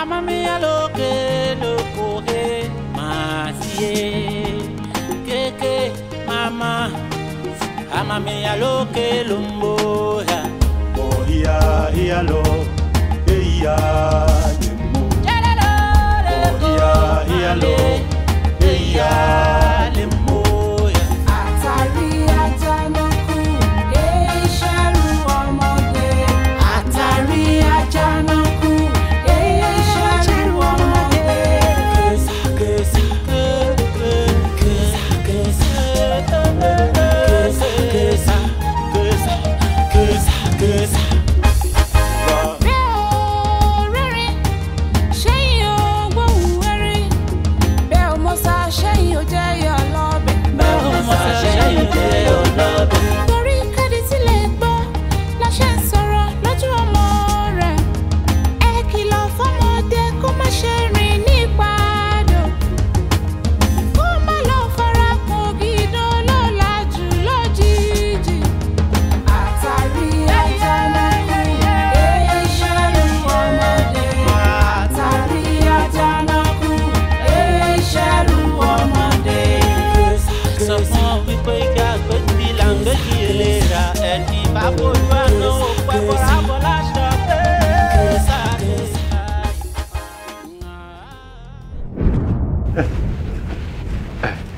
amamiya lókè lókòkè máa síye kéèké mama amamiya lókè ló ń bò ya. ọ̀ ìyá lọ ẹ ìyá yẹn mú. ọ̀ ìyá ìyá lọ ẹ ìyá.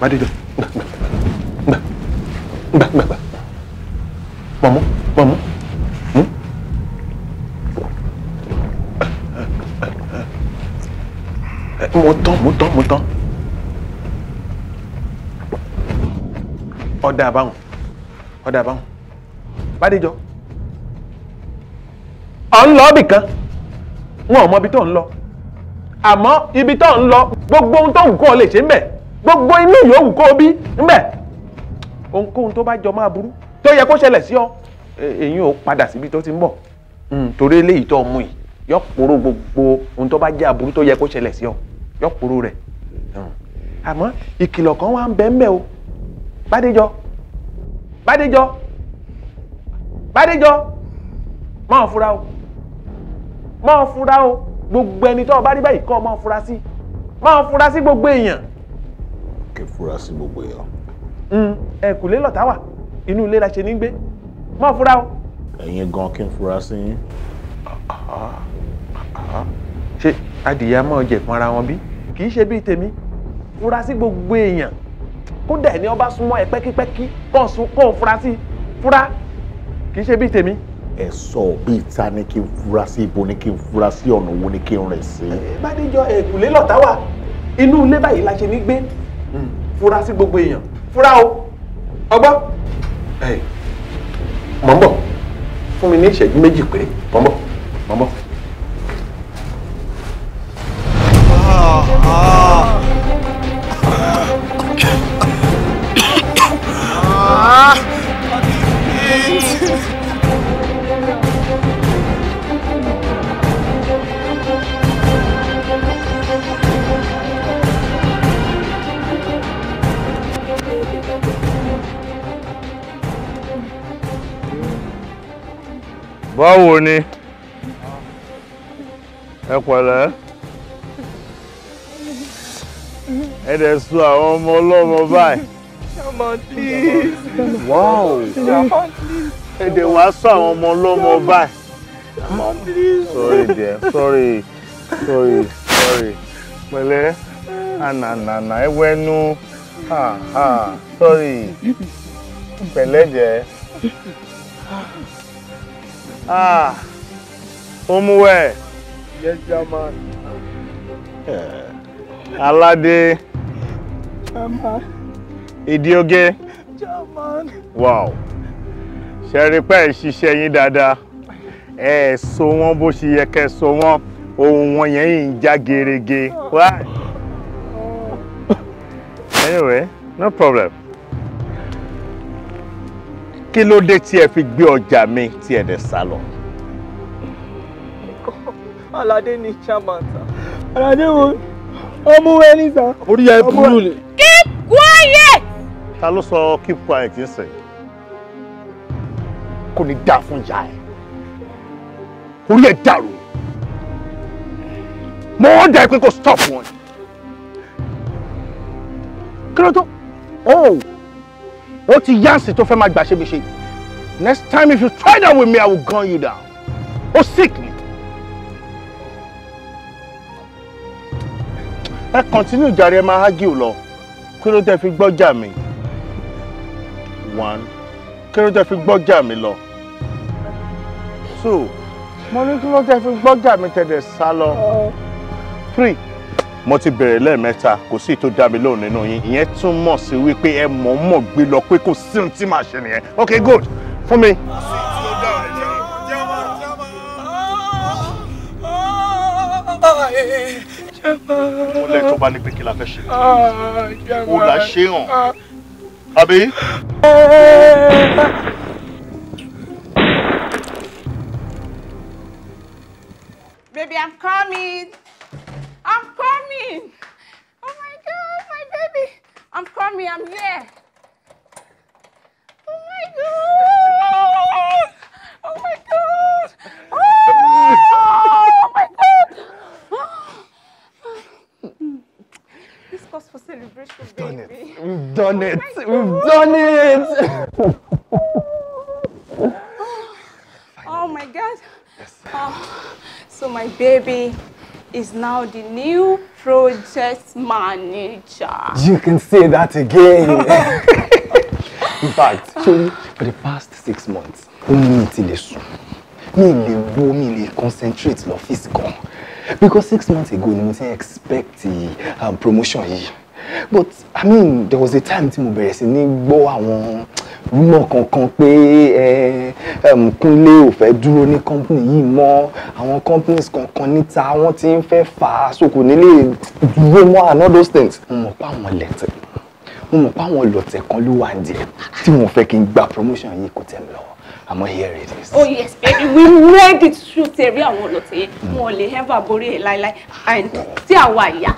Bádéjọ́ gbà gbà gbà gbà mọ̀mú mọ̀mú. mo tán mo tán mo tán ọ̀dà àbáwọn ọ̀dà àbáwọn Bádéjọ́ ọ̀ ń lọ ọ́ bìkan wọn ò mọ ibi tó ń lọ àmọ́ ibi tó ń gbogbo ohun tó ń kọ́ ọ lè gbogbo inú yòówù kó o bí ńbẹ ohunkóhun tó bá jọ máa burú tó yẹ kó ṣẹlẹ̀ sí ọ èyí e, ò padà síbi tó ti ń bọ̀ hmm, torí eléyìí tó mú yìí yọ poro gbogbo ohun tó bá jẹ́ aburú tó yẹ kó ṣẹlẹ̀ sí ọ yọ poro rẹ̀ hmm. àmọ́ ìkìlọ̀ kan wà ń bẹ ńbẹ o bádéjọ bádéjọ bádéjọ máa fura o máa fura o gbogbo ẹni tó o bá rí báyìí kọ́ máa fura sí máa fura sí gbogbo èèyàn kẹ́ fura sí gbogbo èèyàn. Mm, ẹ̀kùlé lọ̀tá wà inú ilé la ṣe ní gbé má fura o. ẹ̀yin gan kí n fura sí yín. ṣé adìyẹ máa jẹ fún ara wọn bí kì í ṣe bíi tèmi fura sí gbogbo èèyàn kódà ẹni ọba súnmọ́ ẹ pẹ́kípẹ́kí kó o fura sí fura kì í ṣe bíi tèmi ẹ sọ bíi ta ni kí n fura sí ibo ni kí n fura sí ọ̀nà wo ni kí n rìn sí. bádéjọ ẹ̀kúlé lọ̀tá wà inú ilé báyìí la ṣe ní gbé fura sí gbogbo èèyàn fura o ọgbọ́n mọ̀ ń bọ̀ fún mi ní ìṣẹ́jú méjì péré mọ̀ ń bọ̀ mọ̀ ń bọ̀. Ah! ah. ah. báwo ni ẹ pẹ̀lẹ́ ẹ dẹ̀ sọ àwọn ọmọ ọlọ́mọ báyìí. wow ẹ dẹ̀ wá sọ àwọn ọmọ ọlọ́mọ báyìí. sorry dear sorry sorry sorry pẹ̀lẹ́ ànànànà ẹ wẹ́nu sorry pẹ̀lẹ́ jẹ́. Ah, Omuwe. Yes, German. Yeah. Alade. German. Idioge. German. Wow. Ṣé rí pé ṣiṣẹ́ dada. Eh, Ẹ so wọ́n bó ṣe yẹ kẹ́ so wọ́n. Ohun wọn yẹn yìí ń já gerege. Oh. Anyway, no problem kí ló dé tí ẹ fi gbé ọjà mi tí ẹ dẹ̀ sá lọ. aládé ni chairman ta aládé wo ọmọ wẹ ní orí ẹ burú ni. keep quiet. ta ló sọ keep quiet ń sìn kò ní dáa fún ìyá ẹ orí ẹ dàrú mo wọ́n dà ẹ pé kò stop wọn kí ló tó oh ó ti yánsì tó fẹ́ máa gbà ṣebiṣe next time if you try that with me i will gun you down ó sick ni. ẹ kọ́ntínú jàre ẹ máa hágìw lọ kí ló tẹ́ fi gbọ́jà mi one kí ló tẹ́ fi gbọ́jà mi lọ two mo ní kí ló tẹ́ fi gbọ́jà mi tẹ̀lé sá oh. three mo ti bẹ̀rẹ̀ lẹ́ẹ̀mẹ́ta kò sí tó dá lóhùn nínú yín ìyẹn tún mọ̀ sí wípé ẹ mọ̀ ń mọ̀ gbé lọ pé kò sí ohun tí màá ṣe nìyẹn ok good fún mi. mo tó bá ní pé kí la fẹ́ ṣe kó la ṣe hàn àbí. Baby, I'm coming. I'm coming. Oh my God, my baby. I'm coming. I'm here. Oh my God. Oh my God. Oh, my God. This calls for celebration, We've done baby. it. We've done oh it. We've done it. oh my God. Yes. Oh, so my baby is now the new project manager. You can say that again. In fact, for the past six months, only till this, me sùn. Mi le wo, mi concentrate lọ́fíìsì gan. Because six months ago ni mo ti expect um, promotion here but i mean there was a time tí mo bẹ̀rẹ̀ sí ní gbọ́ àwọn rúmọ̀ kankan pé eh, um, Kúnlé ò fẹ́ dúró ní company yìí mọ́ àwọn companies kankan níta wọ́n ti ń fẹ́ fà á sóko nílé dúró mọ́ and all those things mo mọ̀ pa àwọn lẹ́tẹ̀ mo mọ̀ pa àwọn lọ́tẹ̀ kan ló wà nídìí tí mo fẹ́ kí n gba promotion yìí kò tẹ̀ mí lọ́wọ́ àmọ́ here it is. oh yes baby we ready to shoot Every àwọn ọ̀lọ́tẹ̀ yẹn wọn ò lè ever borí ẹ̀ láéláé and tí àwa ìyá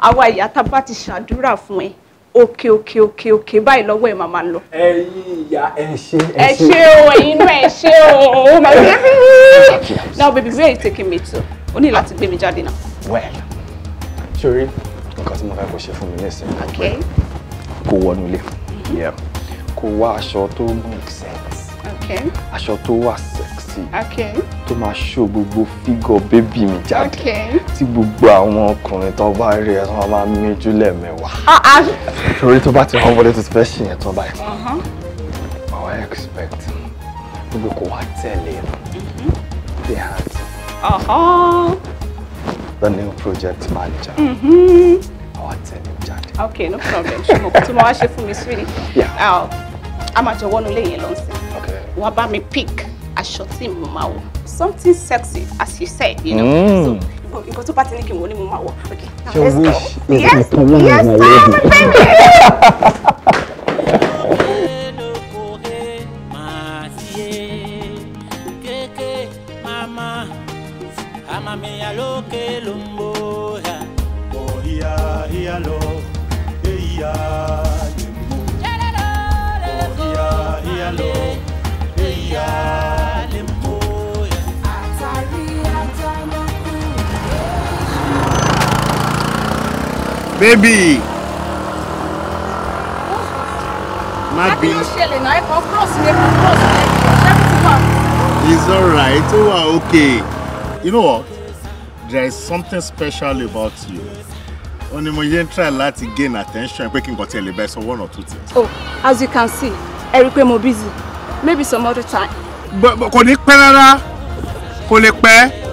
àwa ìyá tá a bá ti ṣàdúrà fún ẹ òkè òkè òkè òkè báyìí lọ́wọ́ ẹ̀ máa lọ. ẹyin ìyá ẹ ṣe ẹ ṣe. o ẹyin ẹ ṣe o oh my baby. now baby where you taking me to o ní láti gbé mi jáde náà. well sori nǹkan tí mo fẹ́ kó ṣe fún mi nísìnyí ni pé kó wọnú ilé mm-hmm. kó wá aṣọ tó make sense aṣọ tó wà sẹ́ẹ̀ party tó máa ṣó gbogbo fígọ̀ bébì mi jáde tí gbogbo àwọn ọkùnrin tó bá rí ẹ tó máa máa méjú lẹ́ẹ̀mẹ́wàá ah, ah. torí tó bá ti wọ́n wọlé tó ti fẹ́ ṣìyẹn tó báyìí uh-huh. àwọn expect gbogbo kò wá tẹ̀lé mm-hmm. the heart uh-huh. the new project manager. Mm-hmm. Oh, I tell you, Okay, no problem. Ṣùgbọ́n kò tí mo wá ṣe fún mi, sweetie. Yeah. Ah, a máa jọ wọnú ilé yẹn lọ sí. Okay. bá mi pick aṣọ tí mo máa wọ̀ something sexy as you said you know mm. so nǹkan tó bá ti ní kí n wọ ni mo máa wọ̀ okay now let's go yes yes oh my baby. Yeah. baby. má it's alright ó wà okay you know what there is something special about you ó ní mo try a try láti gain attention breaking kí n kàn one or two things. oh as you can see ẹ rí i pé mo busy maybe some other time. But but pẹ́ rárá kò lè pẹ́.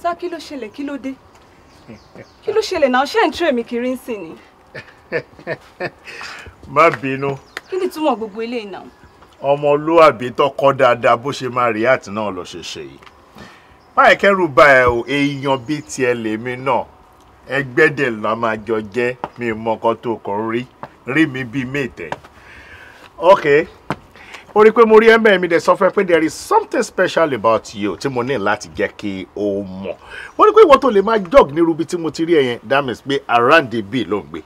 sá kí ló ṣẹlẹ̀ kí ló dé kí ló ṣẹlẹ̀ náà ṣé ń tú èmi kiri ń sìn ni. má bínú. kí ni túmọ̀ gbogbo eléyìí náà. ọmọlúwàbí tọkọ dáadáa bó ṣe máa react náà lọ ṣe ṣe yìí báyìí kẹ́rù bá ẹ o èèyàn bíi tiẹ̀ lèmi náà ẹgbẹ́dẹ̀ la máa jọ jẹ́ mi mọ́kọ́ tó kọ́ rí rí mi bíi mètẹ́. okay ó rí i pé mo rí ẹ̀mẹ́ mi dẹ̀ sọ fún pé there is something special about you tí mo ní láti jẹ́ kí o mọ̀ ó ní pé ìwọ tó lè máa jog ní rubi tí mo ti rí ẹ̀yẹn that means pé around the bee ló ń gbé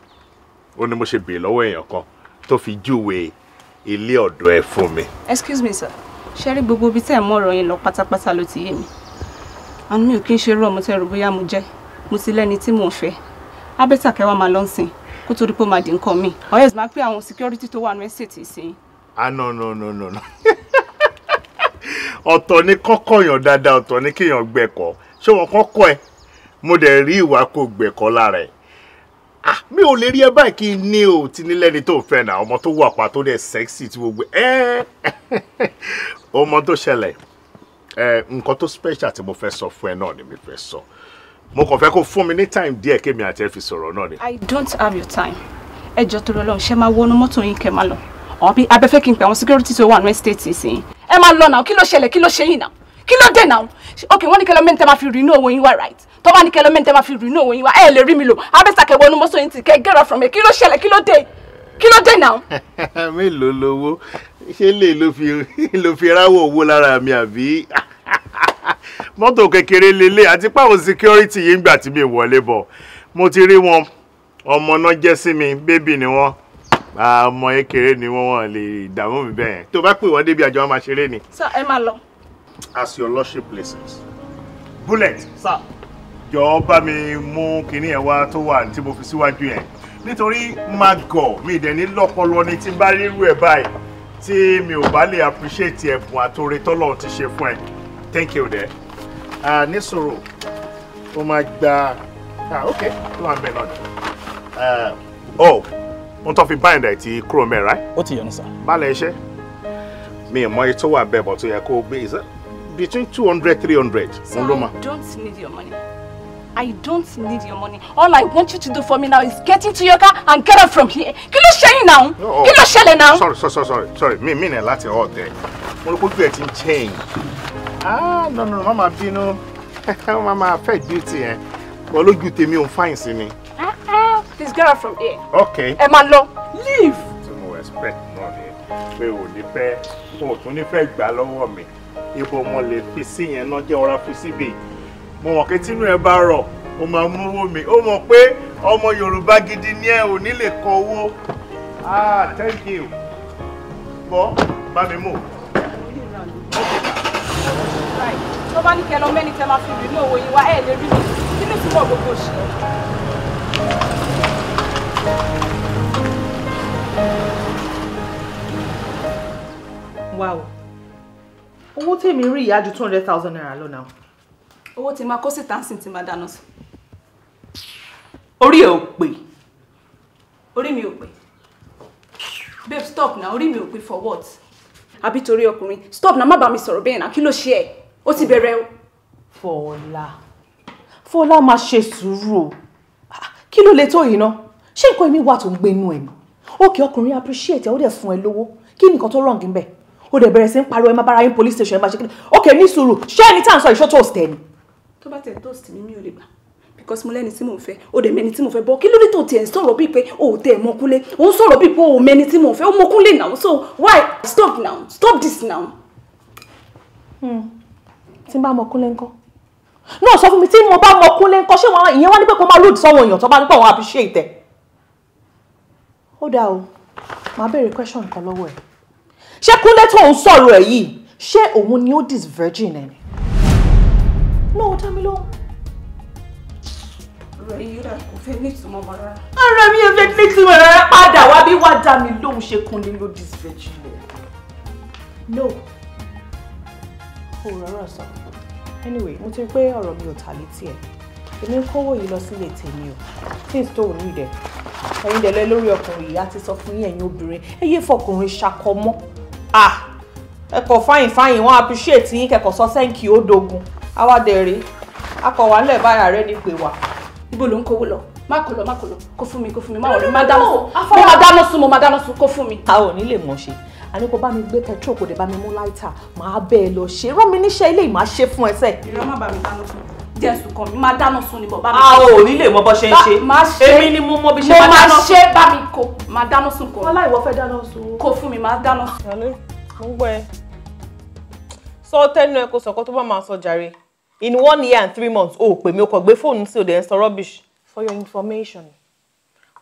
ó ní mo ṣe bèè lọ́wọ́ èèyàn kan tó fi júwe ilé ọ̀dọ̀ ẹ̀ fún mi. excuse me sir ṣe rí gbogbo ibi tẹ́ ẹ̀ mọ̀ ọ̀rọ̀ yẹn lọ pátápátá ló ti yé mi àmì ò kí ń ṣe rú ọmọ tẹ́ rò bóyá mo jẹ́ mo ti lẹ́ni tí mò ń fẹ́ abẹ́tàkẹ́wà máa lọ́sìn kó torí pé ó máa di nǹkan mi ọ̀yẹ́sì máa pé àwọn security tó wà ní ẹ̀ ṣètì sí i ah no no no no no ọ̀tọ̀ ni kọ́kọ́ yàn dáadáa ọ̀tọ̀ ni kéèyàn gbẹ̀kọ́ ṣé wọn kọ́kọ́ ẹ mo dẹ̀ rí ìwà kó gbẹ̀kọ́ lára ẹ̀ ah mi ò lè rí ẹ báyìí kí ní o ti ní lẹ́ni tó fẹ́ nà ọmọ tó wà pa tó dẹ̀ sẹ́ksì tí gbogbo ẹ́ ọmọ tó ṣẹlẹ̀ ẹ nǹkan tó special tí mo fẹ́ sọ fún ẹ náà ni mi fẹ́ sọ mo kàn fẹ́ kó fún mi ní time díẹ̀ kémi àti ẹ fi sọ̀rọ̀ náà ni. I don't have your time ẹ jọ torí Ọlọ́run ṣe máa wọnú mọ́tò yín kẹ́ máa lọ ọ̀bí abẹ́fẹ́ kí n pè àwọn security tó wà ní estate ìsìn ẹ máa lọ náà kí ló ṣẹlẹ̀ kí ló ṣe yìí náà kí ló dé náà ok wọ́n ní kẹlẹ́mẹ́ni tẹ́ máa fi rìnú owó yín wá right tó bá ní kẹlẹ́mẹ́ni tẹ́ máa fi rìnú owó yín wá ẹ lè rí mi lò abẹ́sàkẹ́ wọnú mọ́sọ̀ yín ti kẹ́ get out from here kí ló ṣẹlẹ̀ kí ló dé kí ló dé náà. mélòó lowó ṣé lè ló fi ráwọ̀ owó lára mi àbí mọ́tò kékeré lélẹ̀ àti páwọn security yìí ń gbà tí mi wọlé bọ̀ mo ti rí wọn ọmọ náà jẹ́ sí mi bébì ni wọ́n Ah, ọmọ yẹn kéré ni wọ́n wọ́n lè dààmú mi bẹ́ẹ̀ tó bá pè wọ́n débi àjọ wọn máa ṣeré ni. sir ẹ máa lọ. as your lordship places bullet sir jọ̀ọ́ bá mi mú kinní yẹn wá tó wà tí mo fi síwájú yẹn nítorí má gọ̀ mi dẹ̀ ní lọ́pọlọ ni tí n bá rírú ẹ̀ báyìí tí mi ò bá lè appreciate ẹ̀bùn àtòrè tọ́lọ́run ti ṣe fún ẹ thank you dẹ̀ ní sọ̀rọ̀ ó máa gba ah, ok tó wà ń bẹ̀ náà dẹ̀ oh n tó fi bind ẹ̀ ti kúrò mẹ́rin ráì. ó ti yọnu sá. balẹ̀ iṣẹ́ mi ì mọ ètò wà bẹ́ẹ̀ bọ̀ tó yẹ kó gbé ìṣe between two hundred three hundred n ló sir i don't need your money i don't need your money all i want you to do for me now is get into your car and get out from here kí ló ṣẹyìn náà oh. kí ló ṣẹlẹ̀ náà. sorry sorry sorry sorry mi mi nà láti ọ̀ tẹ̀ mo rò pé ojú ẹ ti ń change ah no no mama bínú mama affect beauty ẹ olójú tèmi ò ń fáyìn sí ni. Please get out from here. Okay. Ẹ máa Leave. Tí mo expect money. We will ò ní fẹ́ o tún ní fẹ́ gbà lọ́wọ́ mi. Ibo mo lè fi sí yẹn náà jẹ́ ọ̀rá fi síbì. Mo mọ̀ pé tínú ẹ bá rọ̀, o máa mú owó mi. O mọ̀ pé Ah, thank you. Bọ́ bá mi mú. Tó bá ní kẹ́ lọ mẹ́ni tẹ́ máa fi rìn ní òwò yìí wá ẹ̀ lè rí mi. Kí Wow. Owó tí èmi rí two hundred thousand naira alone now. Owó tí máa kó sí táǹsì tí máa dáná sùn. Orí ẹ̀ Babe stop na orí mi ò for what? Àbí torí ọkùnrin stop na má bá mi sọ̀rọ̀ bẹ́ẹ̀ náà kí ló ṣe ẹ̀? For la bẹ̀rẹ̀ o. Fọlá Fọlá máa ṣe sùúrù o. Kí ṣé nǹkan èmi wà tó ń gbé inú ẹ̀ ni òkè ọkùnrin appreciate ẹ ó dẹ̀ fún ẹ lówó kí nìkan tó wrong níbẹ̀ ó dẹ̀ bẹ̀rẹ̀ sí ń pariwo ẹ máa bára yín police station ẹ máa ṣe kí ni òkè ní sùúrù ṣé ẹni tá à ń sọ ìṣó toast ẹ ni. tó bá tẹ toast mi mi ò lè gbà because mo lẹ́ni tí mò ń fẹ́ o dẹ̀ mẹ́ni tí mò ń fẹ́ bọ́ kí ló dé tó tiẹ̀ ń sọ̀rọ̀ bíi pé o ò tẹ̀ mọ́ kúnlé o ń sọ̀rọ̀ bíi pé o ò tí mò ń fẹ́ o mọ kúnlé now so why stop now stop this now. Hmm. tí n bá mọ kúnlé ńkọ́ náà sọ fún mi tí mo bá mọ kúnlé ńkọ́ ṣé ìyẹn wá ní pé kó máa lòdì sọ́wọ́ èèyàn tó bá ní pé àwọn appreciate ẹ̀ ó dáa o màá béèrè question kan lọ́wọ́ ẹ̀ ṣé kúnlé tó ń sọ̀rọ̀ ẹ̀ yìí ṣé òun ni ó dis virgin ẹ̀ ni. náà ó dá mi lóhùn. ọ̀rọ̀ yìí rà kò fẹ́ ní ìtumọ̀ mọ́ rárá. ara mi ò fẹ́ ní ìtumọ̀ rárá padà wá bí wàá dá mi lóhùn ṣé kúnlé ló dis virgin ẹ̀. no kò rárá sọ anyway mo ti rí pé ọ̀rọ̀ mi ò tà létí ẹ̀ èmi ń kówó yìí lọ sílé tèmi o things tó ní ìdẹ ẹ̀yin dẹ̀ lẹ lórí ọkùnrin yìí a ti sọ fún yín ẹ̀yin obìnrin ẹ yé fọkùnrin ṣakọ ah ẹ kọ fáyìn fáyìn wọn appreciate yín kẹkọ sọ sẹ́ǹkì ó dogun awádẹ̀rẹ̀ akọ̀wà ńlẹ̀ báyà rẹ̀ ní pè wá. ibo ló ń kówó lọ má kó lọ má kó lọ kó fún mi kó fún mi má wọlé má dáná sùn mo má dáná sùn mo má dáná sùn kó fún mi. a ò ní lè mọ̀ ṣe àní kò bá mi gbé petrol kò dé bá mi mú láìta màá bẹ́ẹ̀ lọ ṣe rán mi níṣẹ́ ilé ìmáṣe fún ẹsẹ̀. ìrọ̀ má bàa mi dáná sùn tí ẹ̀sùn kan mi máa dáná sun ni bọ̀ bá mi. a ò ní lè mọ bó ṣe ń ṣe ni mo mọ bí ṣe máa dáná sun. mo mi kó máa dáná sun kó. ọlá ìwọ fẹ́ dáná sun. kó fún mi máa dáná sun. mo ń gbọ́ ẹ sọ tẹnu ẹ kó sọkọ tó bá máa sọ jàre in one year and three months o pè mí o kò gbé fóònù sí o dẹ̀ ń rubbish for your information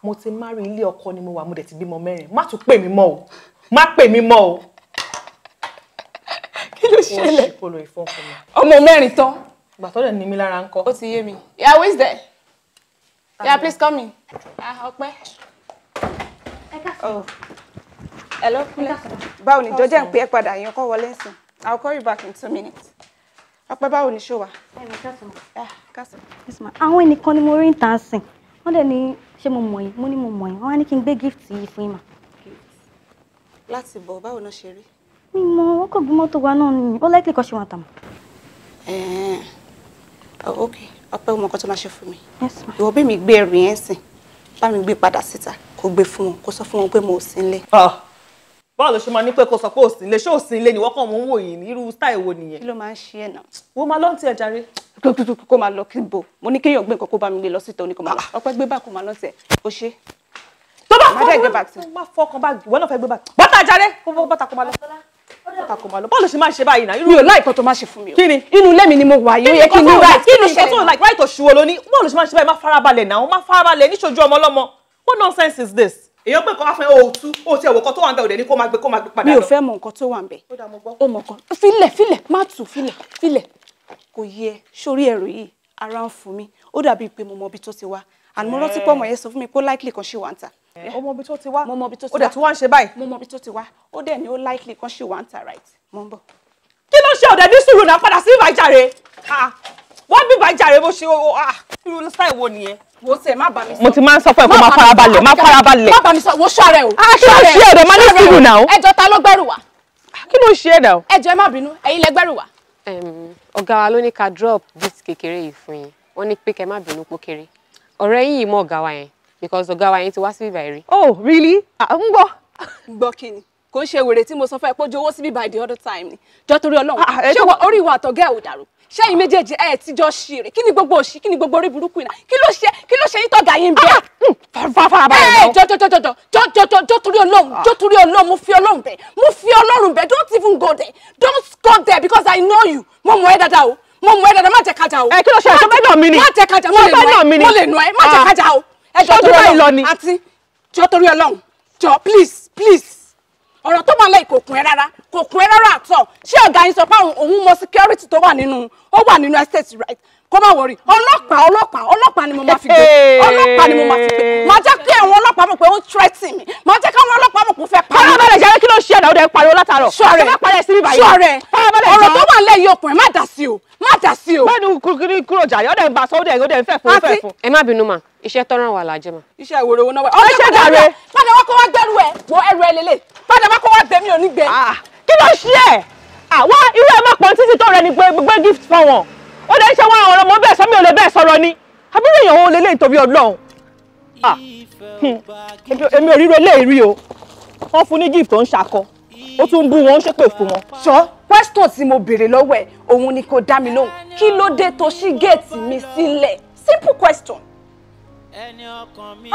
mo ti marry ilé ọkọ ni mo wà mo dẹ̀ ti bímọ mẹ́rin má tún pè mí mọ́ o má pè mí mọ́ o. kí ló ṣẹlẹ̀ ọmọ mẹ́rin tán ìgbà tó dẹ̀ ní mi lára ń kọ́. ó ti yé mi yeah who is there yeah please come in ah ọpẹ́. ẹ káàkiri. Oh. ẹ lọ kúlẹ̀. báwo ni jọjẹ́ ń pè é padà yẹn kọ́ wọlé ẹ̀sìn I'll call you back in two minutes. ọpẹ́ báwo ni ṣó wa. ẹ mi kásán. ẹ ah, kásán. àwọn ẹnìkan ni mo rí ń tàn sìn wọ́n dẹ̀ ní ṣé mo mọ̀ yín mo ní mo mọ̀ yín wọ́n á ní kí n gbé gift yìí fún yín mà. láti bọ̀ báwo náà ṣe rí. mi mọ wọn kò mọ́tò wa náà nìyí ó lẹ́kìlì kan ṣe wọn àtàmọ́. Oh, ok ọpẹ́ ọmọ kan tó máa ṣe fún mi ìwọ bí mi gbé ẹrù yẹn sìn bá mi gbé padà síta kó gbé fún wọn kó sọ fún wọn pé mo ò sí nílé. Ah, báwo ló ṣe máa ní pé kó sọ pé ò sí nílé ṣé ò sí nílé ni wọ́n kàn mú wò yìí irú style wo nìyẹn. kí ló máa ń ṣe ẹ̀ náà. wo máa lọ ń tiẹ̀ jàre. tuntun kó máa lọ kí n bò mo ní kéèyàn gbé nǹkan kó bá mi gbé lọ síta oníkan máa lọ ọpẹ́ gbé bá kó máa lọ tiẹ̀ ah. kó ṣe. tó bá fọkàn bá gbé bá ìwọ náà fẹ́ gbé bá bọ́tà jàre kó bọ́tà kó máa lọ ọ̀tà kò máa lọ báwo ló ṣe máa ṣe báyìí náà. mi ò láìpẹ́ tó máa ṣe fún mi o. kí ni inú ilé mi ni mo wà yóò yẹ kí n ní right. kí ni ṣe tó like right òṣùwò lóní báwo ló ṣe máa ṣe báyìí má farabalẹ̀ náà má farabalẹ̀ níṣojú ọmọ ọlọ́mọ what nonsense is this. èèyàn pé kọ́ wá fún ẹ òòtú o ti ẹ̀wọ̀ kan tó wà ń bẹ òde ni kó máa gbé kó máa gbé padà lọ. mi ò fẹ́ mọ nǹkan tó wà ń bẹ ó mọ kan filẹ̀ filẹ̀ má tù filẹ̀ filẹ̀ kò yẹ sórí ẹ̀rọ yìí ara ń fún mi ó dàbí pé mo mọ ibi tó ti wá àmọ́ rántí pọ̀ mọ̀ yẹn sọ fún mi pé likely kan ṣì wà ń ta Eh. ó mọ ibi tó ti wá ó dẹ̀ tí wọ́n ń ṣe báyìí. mo mọ ibi tó ti wá ó dẹ̀ ni ó likely kan ṣì wà ń ta right mo ń bọ̀. kí ló ṣe ọ̀dẹ̀ ní sùúrù náà padà sí ìbàjáre ah, wọ́n bí ìbàjáre bó ṣe ó ah, irú sáì wo nìyẹn wo tẹ má bá mi sọ. mo ti máa ń sọ fún ẹ kó máa farabalẹ̀ máa farabalẹ̀. má bá mi sọ wo ṣọ́ọ̀rẹ́ o. Ah, kí ló ṣe ẹ̀dọ̀ má ní sùúrù náà. ẹjọ́ ta ló gbẹ́rù wá. kí ló ṣe ẹ̀dọ̀. ẹjọ́ ẹ má bínú ẹ̀yin lẹ gbẹ́rù wá. ọ̀gá wa ló ní ká drop bit kékeré yìí fún yín because ọ̀gá wa yẹn ti wá sí bíbá rí. oh really à ń gbọ́. gbọ́ kí ni kò ń ṣe wèrè tí mo sọ fún ẹ pé ojú owó sí bíbá the other time ni jọ torí ọlọ́run ah, ṣé orí ìwà àtọ̀gá ẹ̀ ò dàrú ṣé ẹ̀yin méjèèjì ẹ̀ ti jọ ṣì rè kí ni gbogbo òṣì kí ni gbogbo orí burúkú iná kí ló ṣe kí ló ṣe yín tọ̀gá yín bẹ́ẹ̀. Ah, hmm, farabalẹ̀ náà. jọ jọ jọ jọ jọ jọ jọ jọ torí ọlọ́run ah. jọ torí ọlọ́run mo fi ọlọ́run bẹ̀ mo fi ọlọ́run bẹ̀ don't even go there don't go there because I know you mo mọ̀ ẹ́ dáadáa o mo mọ̀ ẹ́ dáadáa má jẹ́ kájà o. ẹ eh, kí ló ṣe àṣọ bẹ́ẹ̀ náà mi ni. má jẹ́ kájà mo lè nù ẹ́ má jẹ́ kájà o ẹjọ́ tó bá ìlọ ni àti jọ torí Ọlọ́run jọ please please ọ̀rọ̀ tó máa lẹ́yìn kò kún ẹ rárá kò kún ẹ rárá àtọ̀ ṣé ọ̀gá yín sọ pé òun mọ security tó wà nínú ó wà nínú estate right kó má wọrí ọlọ́pàá ọlọ́pàá ọlọ́pàá ni mo máa fi gbé ọlọ́pàá ni mo máa fi gbé máa jẹ́ kí àwọn ọlọ́pàá mọ̀ pé ó ń tírẹ́tì mi máa jẹ́ kí àwọn ọlọ́pàá mọ̀ pé ó fẹ́ pa mí. farabalẹ̀ jẹ́ kí ló ṣe ẹ̀dá ọ̀dẹ̀ pariwo látàárọ̀ sọ̀rẹ̀ sọ̀rẹ̀ ọ̀rọ̀ tó wà lẹ́yìn ọkùnrin má dà sí o má dà sí o. bẹ́ẹ̀ni kúrúkúrú kúrò jà yọ̀dẹ̀ ń bá sọ ọ̀dẹ̀ ọ̀dẹ̀ ń fẹ́ fún fẹ́ fún. ẹ má bínú ma iṣẹ́ tọ́ràn wà lájẹ́ ma. iṣẹ́ ìwòrò owó náà wẹ̀. ọ̀rẹ́ ṣe dàrẹ́. padà wá kó wá gbẹ́rù ẹ̀ wọ ẹrù ẹ lélẹ̀ padà wá kó wá bẹ̀ mí ò ní gbẹ. Ah, kí ló ṣe ẹ̀ àwa ah, irú ẹ̀ má pọ́n títí tó rẹ ni gbé gift fún wọn ó dẹ́ ṣe wọn ọ̀rọ̀ mọ́ bẹ́ẹ̀ sọ mi ò lè bẹ́ẹ̀ sọ̀rọ̀ ni àbúrò èèyàn òun lélẹ́yìn tóbi ọlọ́run hmm, èmi ò ríro eléyìí rí o wọ́n fún ní gift tó ń ṣakọ ó tún bú wọn ó ṣépè fún wọn. ṣọ́ question tí mo béèrè lọ́wọ́ ẹ̀ òun ni kò dá mi lóhùn kí ló dé tó ṣí géètì mi sílẹ̀ simple question.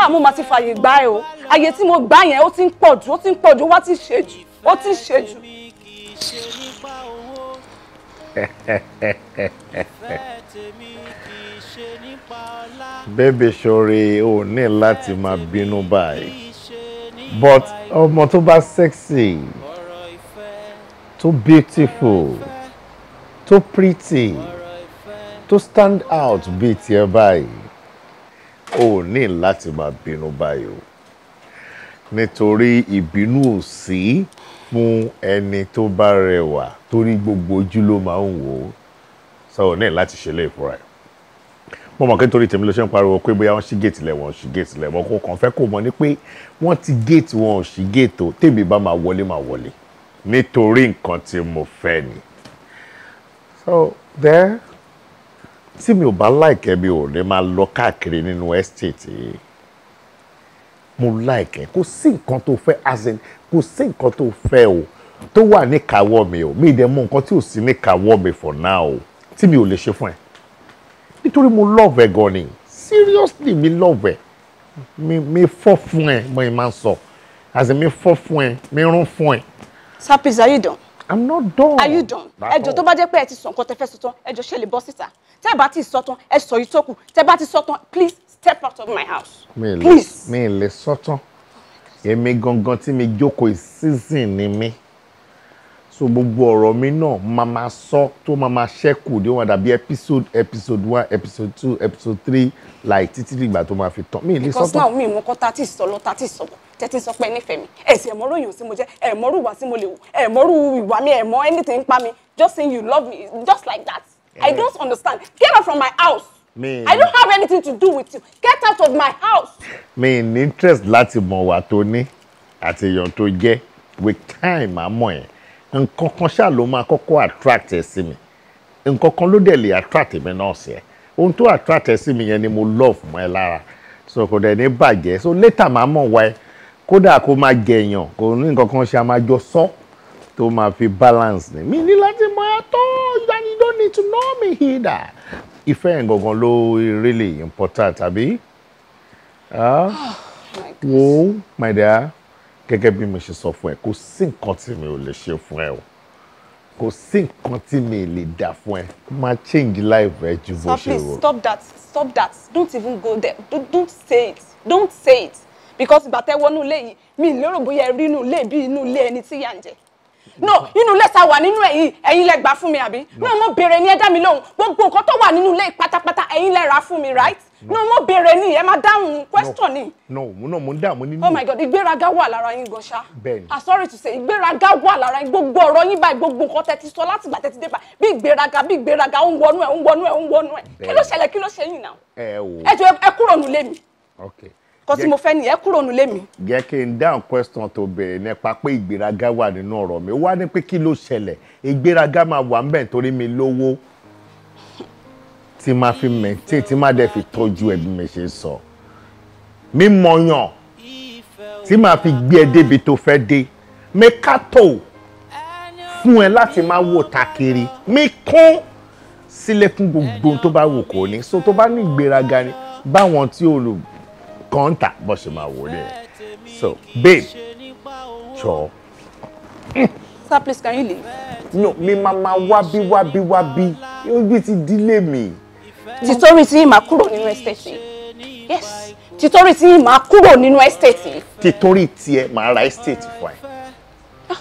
àmọ́ ah, màá ti fààyè gbá ẹ o àyè tí mo gbá yẹn ó ti ń pọ̀ jù ó ti ń pọ̀ jù wá ti ṣe jù ó ti ṣe jù bébè ṣoore ò ní láti máa bínú báyìí but ọmọ tó bá sexy tó beautiful tó pretty tó stand out bíi tiẹ̀ báyìí ò ní láti máa bínú báyìí o nítorí ìbínú ò sí. Si, fún ẹni tó bá rẹwà torí gbogbo ojú ló máa ń wò ó sọ ọ náà láti ṣe léèfọ rẹ mo mọ̀ kí n torí tèmi ló ṣe ń pariwo pé bóyá wọ́n ṣí géètì lẹ̀ wọ́n ṣí géètì lẹ̀ wọ́n kò kàn fẹ́ kó mọ̀ ni pé wọ́n ti géètì wọn ò ṣí géètì o tèmi bá máa wọlé máa wọlé nítorí nǹkan tí mo fẹ́ ni. so there tí mi ò bá láìkẹ́ mi ò ní máa lọ káàkiri nínú estate yìí mo láìkẹ́ kò sí nǹkan tó fẹ́ as in kò sí nǹkan tó fẹ́ o tó wà níkàáwọ́ mi o mi ì dẹ̀ mọ nǹkan tí ò sí níkàáwọ́ mi for now o tí mi ò lè ṣe fún ẹ nítorí mo love gan ni seriously mi love mi fọ́ fún ẹ mo ì máa ń sọ as mi fọ́ fún ẹ mi rún fún ẹ. Sapi are you done. I'm not done. Are you done? Ẹjọ́ tó bá jẹ́ pé ẹ ti sọ nǹkan tẹ fẹ́ sọ tán, ẹjọ́ ṣe lè bọ́ síta. Tẹ́ bá ti sọ tán, ẹ sọ yìí tó kù. Tẹ́ bá ti sọ tán, please step out of my house. Mi ì lè sọ tán èmi gangan tí mi jókòó season ni mi so gbogbo ọ̀rọ̀ mi náà máa ma sọ tó máa ma ṣẹ́kù ní wọn dàbí episode episode one episode two episode three like títí dìgbà tó máa fi tán mi ìlú sọ́kàn. because now mi ìmú kọ́ tá a ti sọ lọ tá a ti sọ bọ̀ tẹ́tí sọ pé nífẹ̀ẹ́ mi ẹ̀sìn ẹ̀mọ́rú èèyàn sí mo jẹ́ ẹ̀mọ́rú ìwà sí mo lè wù ẹ̀mọ́rú ìwà mi ẹ̀mọ́ anything pa mi just say you love me just like that I don't understand get out from my house mi. I don't have anything to do with you. Get out of my house. Me ní interest láti mọ̀ wà tó ní àti èèyàn tó jẹ́ with time àmọ́ ẹ̀ nǹkan kan ṣáà ló máa kọ́kọ́ attract ẹ sí mi nǹkan kan ló dẹ̀ lè attract mi náà sí ẹ ohun tó attract ẹ sí mi yẹn ni mo love mọ́ ẹ lára so kò dẹ̀ ní bàjẹ́ so later màá mọ̀ wá ẹ kódà kó máa jẹyàn kò ní nǹkan kan ṣe a máa jọ sọ tó máa fi balance ni mi ní láti mọ ẹ tó you don't need to know me either ìfẹ́ yẹn gangan really important àbí ah, oh wo my dear gẹ́gẹ́ bí mo ṣe sọ fún ẹ kò sí nǹkan tí mi ò lè ṣe fún ẹ o kò sí nǹkan tí mi lè dà fún ẹ máa change life ẹ ju bó ṣe rò. stop that stop that don't even go there don't, don't say it don't say it because ìgbà tẹ́ wọnú ilé yìí mi lérò bóyá ẹ rí inú ilé bí inú ilé ẹni tí yà ń jẹ no inú ilé sa wà nínú ẹ̀yin lẹ gbà fún mi àbí no mo béèrè ní ẹ dá mi lóhùn gbogbo nǹkan tó wà nínú ilé pátápátá ẹ̀yin lẹ rà fún mi right no mo béèrè ní ẹ máa dáhùn question ni. no mo náà mo ń dààmú nínú. oh my god ìgbéraga wà lára yín gan ṣá. bẹ́ẹ̀ni ah sorry to say ìgbéraga wà lára yín gbogbo ọ̀rọ̀ yín báyìí gbogbo nǹkan tẹ́ ti sọ láti gbà tẹ́ ti dé bá bí ìgbéraga bí ìgbéraga ó ń wọnú ẹ ó ń wọnú ẹ ó ń wọnú ẹ kí ló ṣẹlẹ̀ kí ló ṣe náà. ẹ o ẹ jọ ẹ kúrò nílé mi. okay kò tí mo fẹ́ nìyẹn kúrò nílé mi. jẹ́ kí n dáhùn question tó bẹ̀rẹ̀ nípa pé ìgbéraga wà nínú ọ̀rọ̀ mi wá ní pé kí ló ṣẹlẹ̀ ìgbéraga máa wà ń bẹ̀ torí mi lówó tí máa fi maintain tí máa dẹ̀ fi tọ́jú ẹ̀ bí mi ṣe sọ mímọyàn tí màá fi gbé ẹ débi tó fẹ́ dé mẹ́kátò fún ẹ láti máa wò ta kiri mi kún sílẹ̀ fún gbogbo tó bá wù kò ní so tó bá ní ìgbéraga ni báwọn tí olùgbé kọ́ńtà bó ṣe máa wò lé so babe jọ. sir please can you leave. no mi máa ma wabi wabi. wábí ibi ti dílé mi. tìtorí tí màá kúrò nínú estate yes tìtorí tí màá kúrò nínú estate. tìtorí tiẹ̀ màá ra estate fún ẹ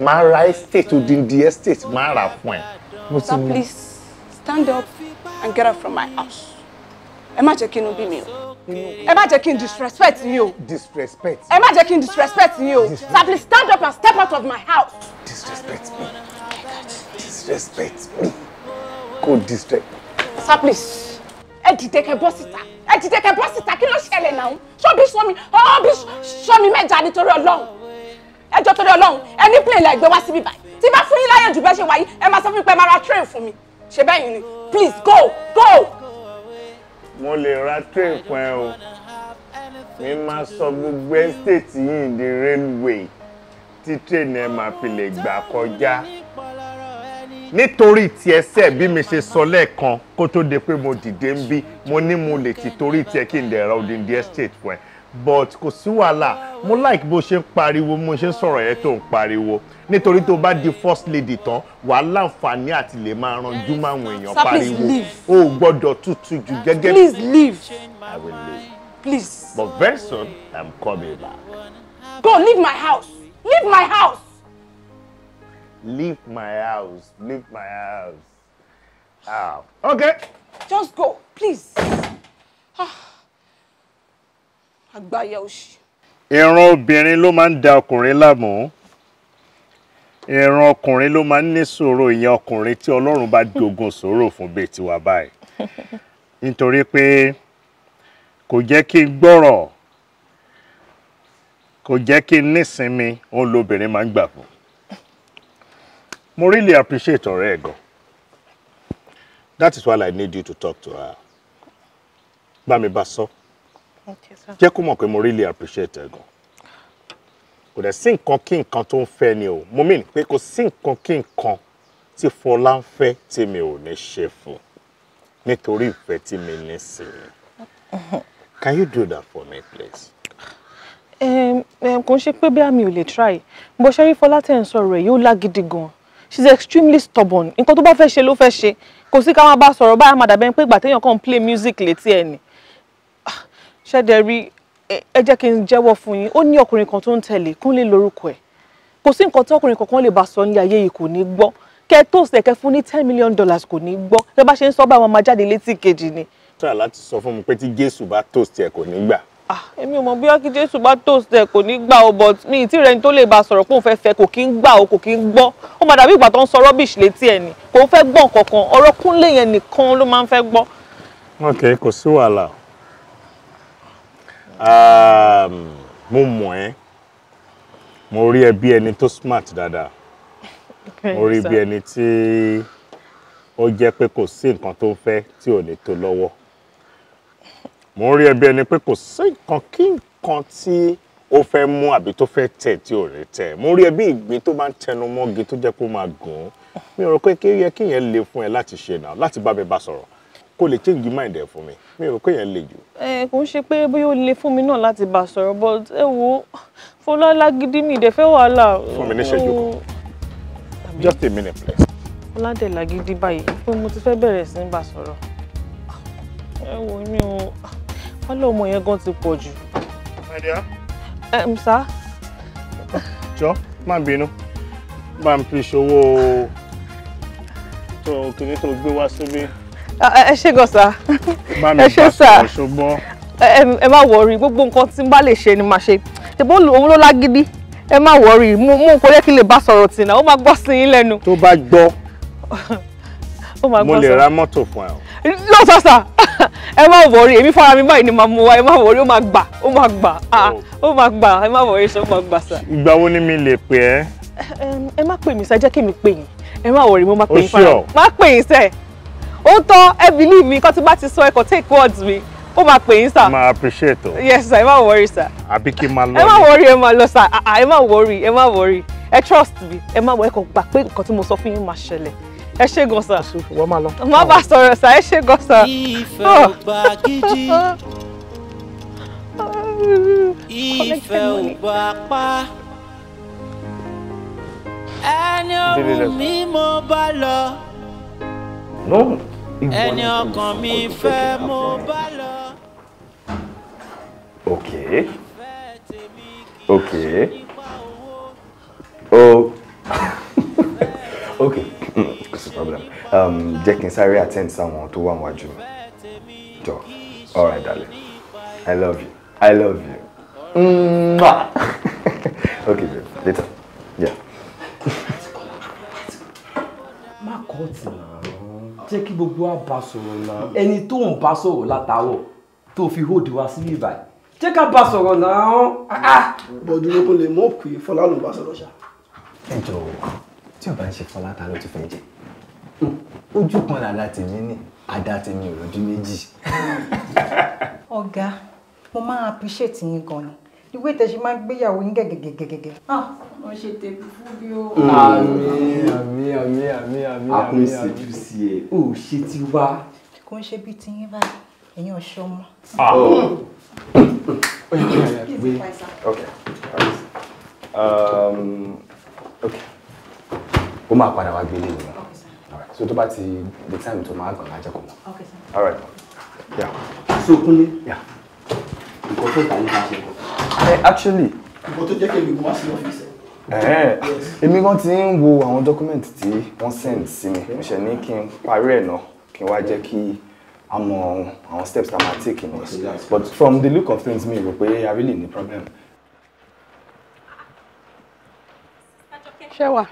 màá ra estate odindi estate màá rà fún ẹ. sir please stand up and get up from my house ẹ má jẹ́ kí inú bí mi o ẹ má jẹ́ kí n disrespect yín o. disrespect. ẹ má jẹ́ kí n disrespect yín o. sir please stand up and step out of my house. disrespect me disrespect me kò disrespect. sir please ẹ dìde kẹ́ bọ́ síta ẹ dìde kẹ́ bọ́ síta kí ló ṣẹlẹ̀ náà ṣọ́bí sọmi ọ́bí sọmi mẹ́ja nítorí ọlọ́run ẹjọ́ torí ọlọ́run ẹni plane la ẹgbẹ́ wá síbí báyìí tí bá fún yín láyé jù bẹ́ẹ̀ ṣe wáyé ẹ máa sọ fún mi pé ẹ máa ra train fún mi ṣe bẹ́ẹ̀ yìí ni please go go mo lè ra train fún ẹ o mi máa sọ gbogbo ẹ́stéètì yìí di railway tí train ẹ máa fi lè gbà kọjá nítorí tí ẹsẹ̀ bí mi ṣe sọ lẹ́ẹ̀kan kó tó de pé mo dìde ń bí mo ní mo lè ti torí tiẹ̀ kí n dẹ̀ ra odindi estate fún but kò sí wàhálà mo like bó ṣe ń pariwo mo ṣe ń sọ̀rọ̀ yẹn tó ń pariwo nítorí tó bá di first lady tán wàá láǹfààní àti lè máa ranjú máwọn èèyàn pariwo o gbọ́dọ̀ tútù jù gẹ́gẹ́. please leave. i will leave. please. but very soon i'm coming back. go leave my house leave my house. leave my house leave my house. ah okay. just go please. Ah. àgbáyà òṣì. ìran obìnrin ló máa ń da ọkùnrin láàmú ìran ọkùnrin ló máa ń ní sòrò ìyẹn ọkùnrin tí ọlọ́run bá dogun sòrò fún bẹ́ẹ̀ tiwa báyìí nítorí pé kò jẹ́ kí n gbọ́rọ̀ kò jẹ́ kí n nísinmi òun lobìnrin máa ń gbà fún mo really appreciate ọ̀rẹ́ ẹ̀ gan that is why I need you to talk to her bá mi bá sọ jẹ́ kó mọ̀ pé mo really appreciate ẹ̀ gan kò dẹ̀ sí nǹkan kí nǹkan tó ń fẹ́ ni o mo mean pé kò sí nǹkan kí nǹkan tí Fọlá ń fẹ́ tí mi ò ní ṣe fún nítorí ìfẹ́ tí mi ní sí i can you do that for me please. kò ń ṣe pé bí àmì ò lè try bó ṣe rí Fọlá tẹ̀ ń sọ̀rọ̀ ẹ̀ yóò lágídí gan she is extremely stubborn nǹkan tó bá fẹ́ ṣe ló fẹ́ ṣe kò sí ká máa bá sọ̀rọ̀ báyà máa dàbẹ́ pé ìgbà téèyàn kàn ń play music létí ẹ̀ ni ah, ṣẹ́dẹ̀ rí ẹ jẹ́ kí n jẹ́wọ́ fún yín ó ní ọkùnrin kan tó ń tẹ̀lé Kúnlé lórúkọ ẹ̀ kò sí nǹkan tí ọkùnrin kankan lè bá sọ ní ayé yìí kò ní gbọ́ kẹ tó sẹ̀kẹ́ fún ní ten million dollars kò ní gbọ́ kẹ bá ṣe ń sọ bá wọn máa jáde létí kejì ni. tíra láti sọ fún mi pé tí Jésù bá toast ẹ kò ní gbà. Ah, èmi ò mọ bóyá kí Jésù bá toast ẹ kò ní gbà o but mi ì tí rẹni tó lè bá sọ̀rọ̀ pé òun fẹ́ fẹ́ kò kí ń gbà o kò kí ń gbọ́ ó máa dàbí ìgbà tó ń sọ rubbish létí ẹ ni kò ń fẹ́ gbọ́ nǹkan kan ọ̀rọ̀ Kúnlé yẹn nìkan ló máa ń fẹ́ gbọ́. ok kò sí wàhálà o Um, mo mọ̀ ẹ́ mo rí ẹ bí ẹni tó smart dáadáa mo rí bí ẹni tí ó jẹ́ pé kò sí nǹkan tó ń fẹ́ tí ò ní tó lọ́wọ́ mo rí ẹ bí ẹni pé kò sí nǹkan kí nǹkan tí ó fẹ́ mú àbí tó fẹ́ tẹ̀ tí ò rí tẹ̀ mo rí ẹ bí ìgbín tó bá ń tẹnu mọ́gi tó jẹ́ kó máa gùn ún mi rò pé kí yẹ kí yẹn le fún ẹ láti ṣe náà láti bá mi bá sọ̀rọ̀ kó lè change mind ẹ̀ fún mi mi rò pé yẹn le jù. ẹ kò ń ṣe pé bóyá ó le fún mi náà láti bá a sọ̀rọ̀ but ẹ wo fọlọ́lá gidi mi ìdẹ́fẹ́ wàhálà. fún mi ní ṣẹ́jú kan just a minute please. ọládẹ̀lá gidi báyìí pé mo ti fẹ́ bẹ̀rẹ̀ sí ní bá a sọ̀rọ̀ ẹ wo mi ò wálé ọmọ yẹn gan ti pọ̀ jù. my dear. ẹ ǹ sá. jọ má bínú bá ń pèsè owó tó kìnìún tó gbé wá síbí ẹ ṣe gan sá ẹ ṣe sá ẹ má wọrí gbogbo nǹkan tí n bá lè ṣe ni màá ṣe tẹ̀bọ́n òun ló lágídí ẹ má wọrí mo mo kò yẹ kí n lè bá sọ̀rọ̀ tì náà ó máa gbọ́ sí yín lẹ́nu. tó bá gbọ́ mo lè ra mọ́tò fún ẹ. lóòótọ́ sà ẹ má wọrí èmi fara mi báyìí ni màá mú wa ẹ má wọrí ó máa gbà ó máa gbà oh. ó máa gbà ẹ má wọrí ṣe ó máa gbà sà. ìgbà wo ni mi lè pè ẹ́. ẹ má pè mí sá jẹ́ kí mi pè yín ẹ má wọrí mo má pè yín fara má pè yín sẹ́ẹ̀ ó tọ́ ẹ believe me, kọ́ tí bá ti sọ ẹ̀kọ́ take words mi ó máa pè yín sir. máa appreciate o. yes sir ẹ má worry sir. àbí kí n máa lọ. ẹ má worry ẹ má lọ sir ah, ah, ẹ má worry ẹ má worry ẹ trust me ẹ má wọ ẹ kàn gbà pé nǹkan tí mo sọ fún yín máa ṣẹlẹ̀ ẹ ṣe gan sa wọ́n máa lọ. má bá sọ̀rọ̀ sa ẹ ṣe gan sa. ìfẹ́ ò gbà ìfẹ́ ò pa ẹni ohun mi mo bá lọ ẹni ọkàn mi fẹ́ mo bá lọ. ok ok oh ok kò sí problem um, jẹ́ kí n sáré attend sáwọn tó wà wájú mi jọ all right darling i love you i love you Mwah. ok babe later yeah. má kọ́ ọ̀tì náà jẹ́ kí gbogbo wa bá sọ̀rọ̀ náà ẹni tó ń bá sọ̀rọ̀ látàwọ̀ tó fi hóde wá sí ibà yìí jẹ́ ká bá sọ̀rọ̀ náà. bọ̀dú ló kó lè mọ̀ pé fọlá ló ń bá sọ̀rọ̀ ṣá. ẹ jọ̀wọ́ tí ò bá ń ṣe fọlá ta ló ti fẹ́ jẹ ojú kan làdá tèmi ní àdá tèmi ò lójú méjì. ọ̀gá mo máa appreciate yín gan-an ìwé ìtẹ̀sí máa ń gbéyàwó yín gẹ̀gẹ̀gẹ̀gẹ̀. Ah, mo ṣe tèmi fún bí o. Mm. àmín àmín àmín àmín àmín. àpín ìṣèjú sí ẹ ò ṣe ti wá. kò ń ṣe bíi tiyín báyìí ẹ̀yin ọ̀ṣọ́ mọ́. Ah. Oh. Um, ó máa padà wá gbélé mi náà so tó bá ti the time tó máa gbọ̀n á jẹ́ kó mọ̀. all right. Yeah. so kúnlé. Yeah nǹkan tó ìtàlẹ́ máa ṣe. ẹ actually. nǹkan tó jẹ́ kí èmi mú wá sí ọ́fíìsì. èmi gan ti ń wo àwọn dọ́kúmẹ̀ntì tí wọ́n send sí mi mo ṣe ní kí n parí ẹ̀ náà kí n wá jẹ́ kí a mọ àwọn steps tá a máa take next but from the look of things mi rò pé i really need problem. ṣé wà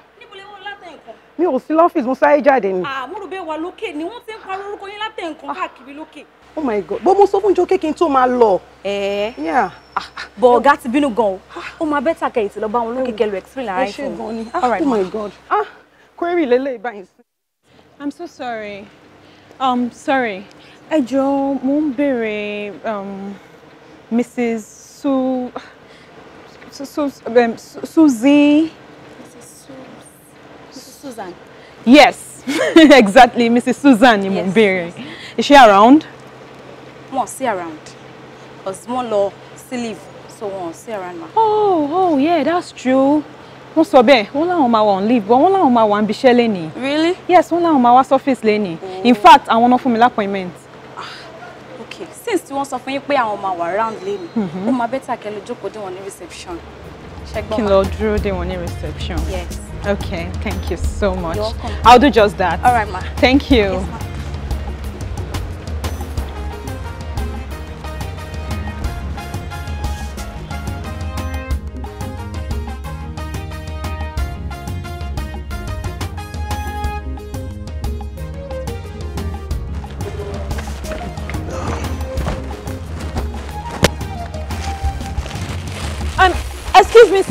mi ò sí lọ́fíìsì mo sáré jáde ni. àmúrò ah, bẹ́ẹ̀ wà lókè ni wọ́n ti ń parọ́ orúkọ yín látẹ̀ nǹkan káàkiri lókè oh my god bó mo sọ fún jókè kí n tó máa lọ. ẹ ẹ bọ ọgá ti bínú gan o ah. ó máa bẹ́tà kẹ̀yìn tí lọ bá wọn lókè kẹlu explain ara ẹ fún un. Ah, oh my god ah query lélẹ̀ ìbáyìí i'm so sorry um, sorry ẹ jọ mo ń béèrè mrs um, su su um, suzy. mrs su mrs susan. yes exactly mrs susan ni mo ń is she around wọn see around because wọ́n lọ see leave so wọn see around ma. oh oh yeah that's true wọ́n sọ bẹ́ẹ̀ wọ́n láwọn máa wà leave but wọ́n láwọn máa wà níbi iṣẹ́ lẹ́nìí. really yes wọ́n láwọn máa wá surface lẹ́nìí in oh. fact àwọn náà fún mi appointment. Ah, okay since tí wọ́n sọ fún yín pé àwọn máa wà around lẹ́nìí mm-hmm. ó máa bẹ́tà kẹ́ lọ jókòó dé wọn ní reception. ṣẹgbọ́n kí n lọ dúró dé wọn ní reception. yes. okay thank you so much. you're welcome. i'll do just that. all right ma. thank you. yes ma.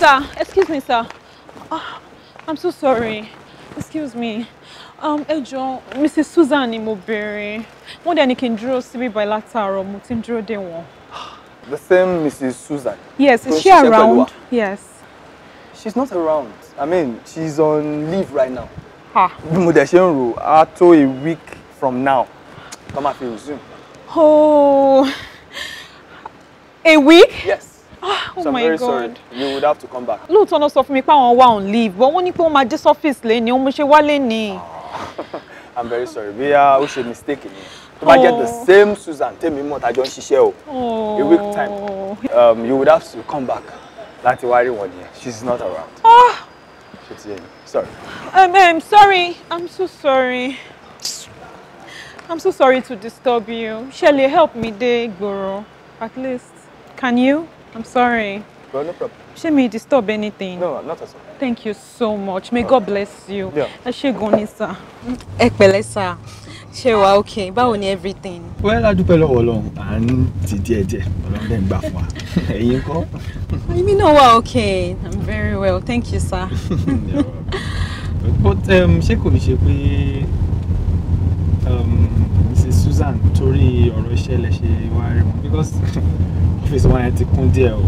sir. Excuse me, sir. Oh, I'm so sorry. Excuse me. Um, ẹ Mrs. Susan ni mo béèrè. Wọ́n dẹ̀ ní kí n dúró síbí báyìí draw the ti The same Mrs. Susan? Yes, is she around? Yes. She's not around. I mean, she's on leave right now. Ha. Mo dẹ̀ ṣe ń rò á a week from now. Come máa fi resume. Oh, a week? Yes. Ah, oh my I'm very God. sorry. You would have to come back. Lóòótọ́ náà sọ fún mi pé àwọn wà on leave, but wọ́n ní pé wọ́n máa office, sọ́fíìsì lẹ́ni, òun mo ṣe wálé ni. I'm very sorry. we are ó ṣe mistake ni. Tó bá jẹ́ the oh. same Susan tèmi mọ̀ tájọ́ ń ṣiṣẹ́ o. A week oh. time. Um, you would have to come back láti wá rí wọn She's not around. Ah. Ṣé she's in. Sorry. Um, um, sorry. I'm so sorry. I'm so sorry to disturb you. Ṣé help me dé ìgboro? At least, can you? I'm sorry. Well, no problem. Ṣé mi disturb anything? No, not at all. Thank you so much. May all God bless you. Ẹ ṣé gan ni sir. Ẹ pẹ̀lẹ́ sir. Ṣé wà okay? Báwo ni everything? Well, I do lọ́wọ́ Ọlọ́run. À ń ti díẹ̀ díẹ̀. Ọlọ́run dẹ̀ ń gbà fún wa. Ẹ̀yin kọ́. Èmi náà okay. I'm very well. Thank you, sir. But um, she ṣé kò she ṣe um, Mrs. Susan because office wa yẹn ti kún díẹ̀ o.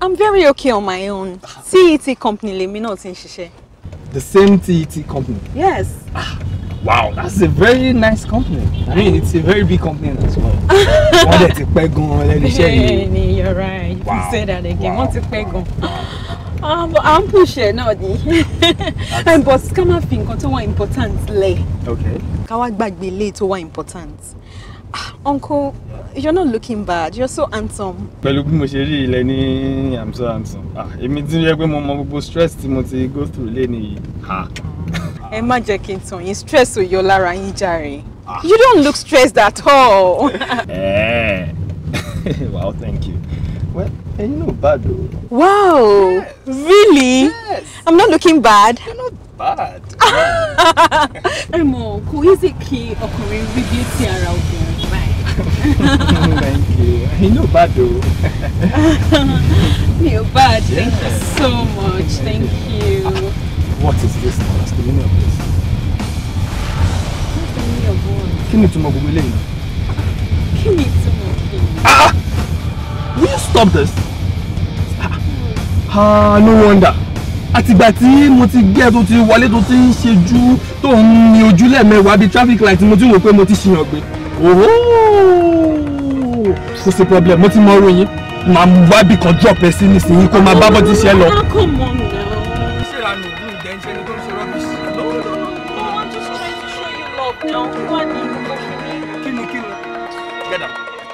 I'm very okay on my own. TET e company lèmi náà ti ń ṣiṣẹ́. The same TET e company? Yes. Ah, wow, that's a very nice company. I mean, it's a very big company as well. Wọ́n dẹ̀ ti pẹ́ gan-an lẹ́nu iṣẹ́ yìí. Bẹ́ẹ̀ni, you're right. You wow. say that again. Wọ́n ti pẹ́ gan-an. Ah, à ń pùṣẹ̀ náà ni. But ká má fi nǹkan tó wà important lẹ̀. Okay. Ká wá gbàgbé ilé tó wà important. Ah, uncle you're not looking bad you're so handsome. pẹ̀lú bí mo ṣe rí ilẹ̀ ní i'm so handsome ah, èmi ti rí ẹ pé mo mọ gbogbo stress tí mo ti go through lé nìyí. Ah. ẹ má jẹ́ kí n tàn yín stress ò yọ lára yín jàre you don't look stressed at all. Eh. wow thank you well ẹyin náà bad o. wow yes. really yes. i'm not looking bad. you're not bad. ẹ mọ̀ kò easy kí ọkùnrin rí bí ti ara obìnrin. Thank you. He no bad though. no bad. Thank you so much. Thank you. Ah, what is this What's the meaning of this? What's the meaning of what? Kí ni ìtumọ̀ gbogbo eléyìí? Kí ni ìtumọ̀ gbogbo? Ah! Will you stop this? Ah, no wonder. Ati bati, mo ti gẹ́ tó ti wọlé tó ti ń ṣe ju tó ń mi ojú traffic light mo ti wò pé mo ti ṣìyàn gbé what's the problem you. yellow. Now come on this. No, ti No, orin yín màá mú wábì kan drop ẹ sí nísìnyí kó máa bá bọ́dí iṣẹ́ lọ.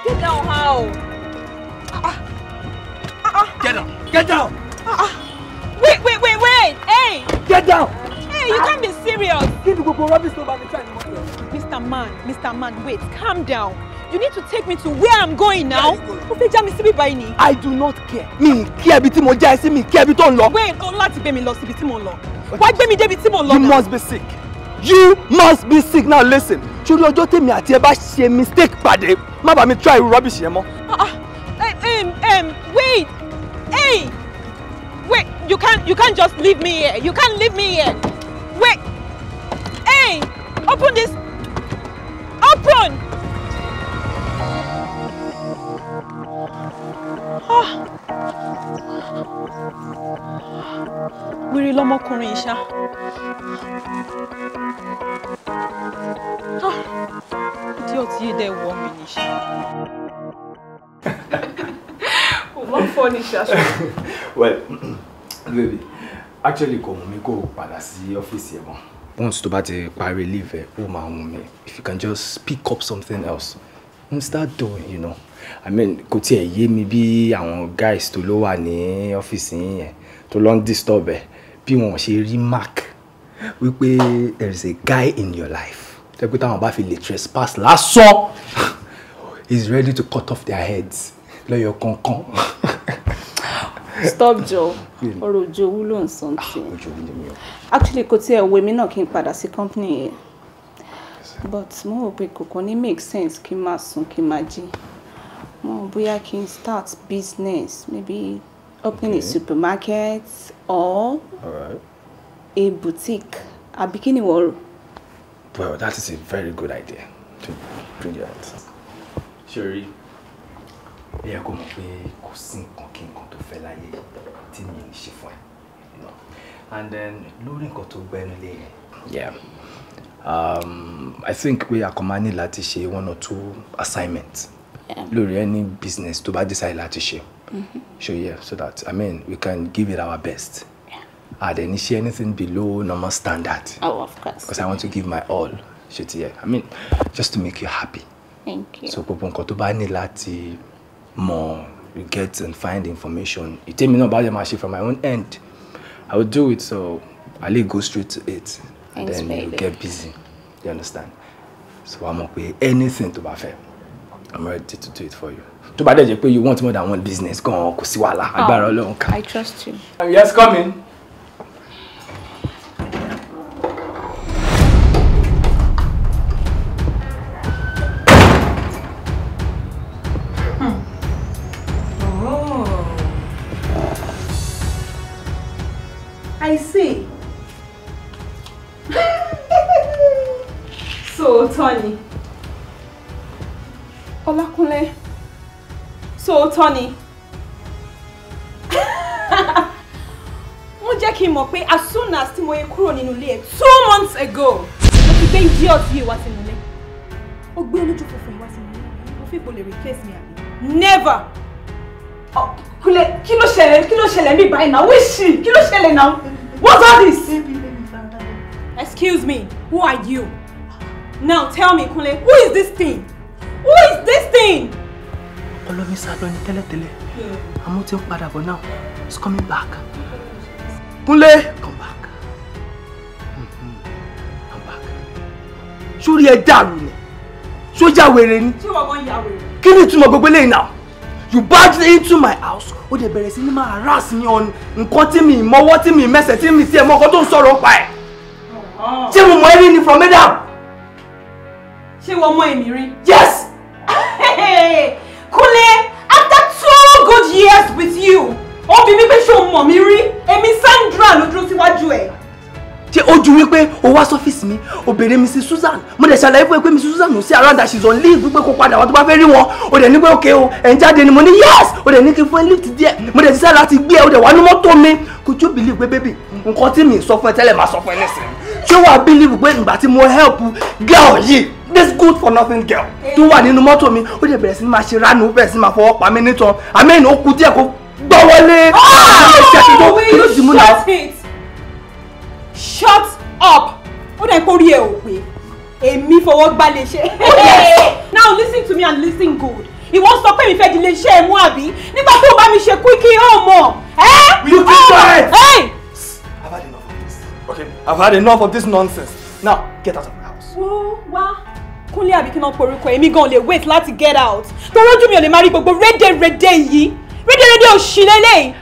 Get down how? Ah, ah, ah. Get down! Get down! Ah, ah. Wait, wait, wait, wait! Hey! Get down! Hey, you can't be serious. Kí ni gbogbo rubbish tó bá Mr. Man, Mr. Man, wait, calm down. You need to take me to where I'm going now. Ó fẹ́ já mi I do not care. Me care ẹbí tí mo já ẹ sí mi kí ẹbí tó Wait, o let gbé mi lọ síbi tí mo lọ. Wá gbé mi débi tí You must be sick. You must be sick. Now listen. Should Sori ọjọ́ tèmi àti ẹ bá she mistake pàdé, má bàa mi try rubbish Ah, yẹn mọ́. Ah, ah. Eh, wait, hey, wait, you can't, you can't just leave me here. You can't leave me here. Wait! Hey! Open this! Open! Ah, lọmọkùnrin ìṣá. Ah. Tí ó ti yé dẹ́ wọ mi níṣá. Kò má fọ́ ní ṣaṣọ. Well, baby actually kò wù mí kó padà sí ọ́fíìsì ẹ̀ mọ́. once tó bá ti parí leave ẹ ó máa wù mí if you can just pick up something else and start doing you know i mean kò tiẹ̀ yé mi bí àwọn guys tó ló wà ní ọ́fíìsì yẹn tó lọ ń disturb ẹ bí wọn ò ṣe rí mark wípé there is a guy in your life tẹ́ pé táwọn bá fi lè trespass lásán he is ready to cut off their heads lọ́yọ̀ kankan. stop Joe. ọ̀rọ̀ òjò wúlò ń something. Ah, actually kò tiẹ̀ wo èmi náà kí n padà sí company yẹn but mo rò pé kòkó ní make sense kí n máa sùn kí n máa jí mo rò bóyá kí n start business maybe opening okay. a supermarket or right. a boutique àbí kí ni wọ́n rò. well that is a very good idea to bring it out. ṣé o rí ẹ̀yà kò mọ̀ pé kò sí nǹkan kí nǹkan fẹ́ láyé tí mi lè ṣe fún ẹ and then lórí nǹkan tó gbẹnu lé yẹn. yeah um, i think pé a kàn máa ṣe one or two assignments yeah. lórí any business to bá decide láti ṣe mm-hmm. so yeah so that i mean we can give it our best yeah. and then ṣe anything below normal standard. oh of course because i want to give my all ṣe ti yẹ i mean just to make you happy. thank you so gbogbo nǹkan to bá ní lati mọ̀ you get and find information. You tell me not about the machine from my own end. I will do it so I will go straight to it. And Thanks, then baby. you get busy. You understand? So I'm up with Anything to bá fẹ́. I'm ready to do it for you. To bá dẹ̀ you want more than one business. Go on, kò sí wàhálà. Agbára oh, Ọlọ́run I trust you. Yes, come in. sóòótọ́ ni Ọlákúnlé sóòótọ́ ni wọ́n jẹ́ kí n mọ̀ pé as soon as tí mo yẹ kúrò nínú ilé ẹ̀ two months ago mo ti gbé idiot yìí wá sínú ilé ó gbé olójú funfun yìí wá sínú ilé mo fi ipò lè replace mi àbí never. Oh, Kúnlé, kí ló ṣẹlẹ̀ kí ló ṣẹlẹ̀ mi báyìí náà wíṣì kí ló ṣẹlẹ̀ náà what's all this. excuse me who are you. Now tell me, Kunle, who is this thing? Who is this thing? Olomisa lọ ní tẹ́lẹ̀tẹ́lẹ̀. Àmọ́ I'm ń padà bọ̀ now. He's coming back. Kunle, come back. Mm-hmm. Come back. Sórí ẹ dàrú ni. Sójà wèrè ni. Ṣé wọ́n mọ̀ ya wèrè? Kí ni ìtumọ̀ gbogbo eléyìí náà? You barged into my house. Ó dẹ̀ bẹ̀rẹ̀ sí ní harass me on nǹkan tí me, mọ́wọ́ tí mi me, tí me, tiẹ̀ mọ́ ọkọ tó ń sọ̀rọ̀ pa ẹ̀. Oh, oh. Ṣé mo mọ ẹ́ rí ni from Adam? ṣé wọ́n mọ èmi rí. yes Kúnlé after two good years with you ó bi mí pé ṣé o mọ̀ mi rí èmi Sandra ló dúró síwájú ẹ̀. ṣé ó ju wípé o wá sọ́fíìsì mi o béèrè Mrs Susan mo dẹ̀ ṣàlàyé fún ẹ pé Mrs Susan ò sí around she's on leave wípé kó padà wá tó bá fẹ́ rí wọn o dẹ̀ ní pé okay o ẹ̀ ń jáde ni mo ní yes o dẹ̀ ní kí n fún ẹ lift díẹ̀ mo dẹ̀ ti sáré láti gbé ẹ o dẹ̀ wá ní mọ́tò mi could you believe pé baby? nǹkan tí mi sọ fún ẹ tẹ́lẹ̀ máa sọ fún ẹ nísìnyí ṣé wàá believe pé ìgbà tí mo help girl yìí this good for nothing girl eh. tó wà nínú mọ́tò mi ó lè bẹ̀rẹ̀ sí máa ṣe ránù bẹ̀rẹ̀ sí máa fọwọ́ pa mí nítan amen ó kù díẹ̀ kó gbọ́ wọlé. Oh, will you shut it shut up ó dẹ̀ kó rí ẹ ò pé èmi fọwọ́ gbá lè ṣe. Oh, now listen to me and listen good ìwọ sọ pé mi fẹ́ di lè ṣe é mú àbí nígbà tó o bá mi ṣe quickie ó oh, mọ̀. Eh? will you keep quiet. I've had enough of this. Okay, I've had enough of this nonsense. Now, get out of my house. Whoa, wow kúnlé àbí kí n náà porúkọ èmi gan lè wait láti get out torí ojú mi ò lè má rí gbogbo rédèrèdè yìí rédèrèdè ò ṣì lélẹ̀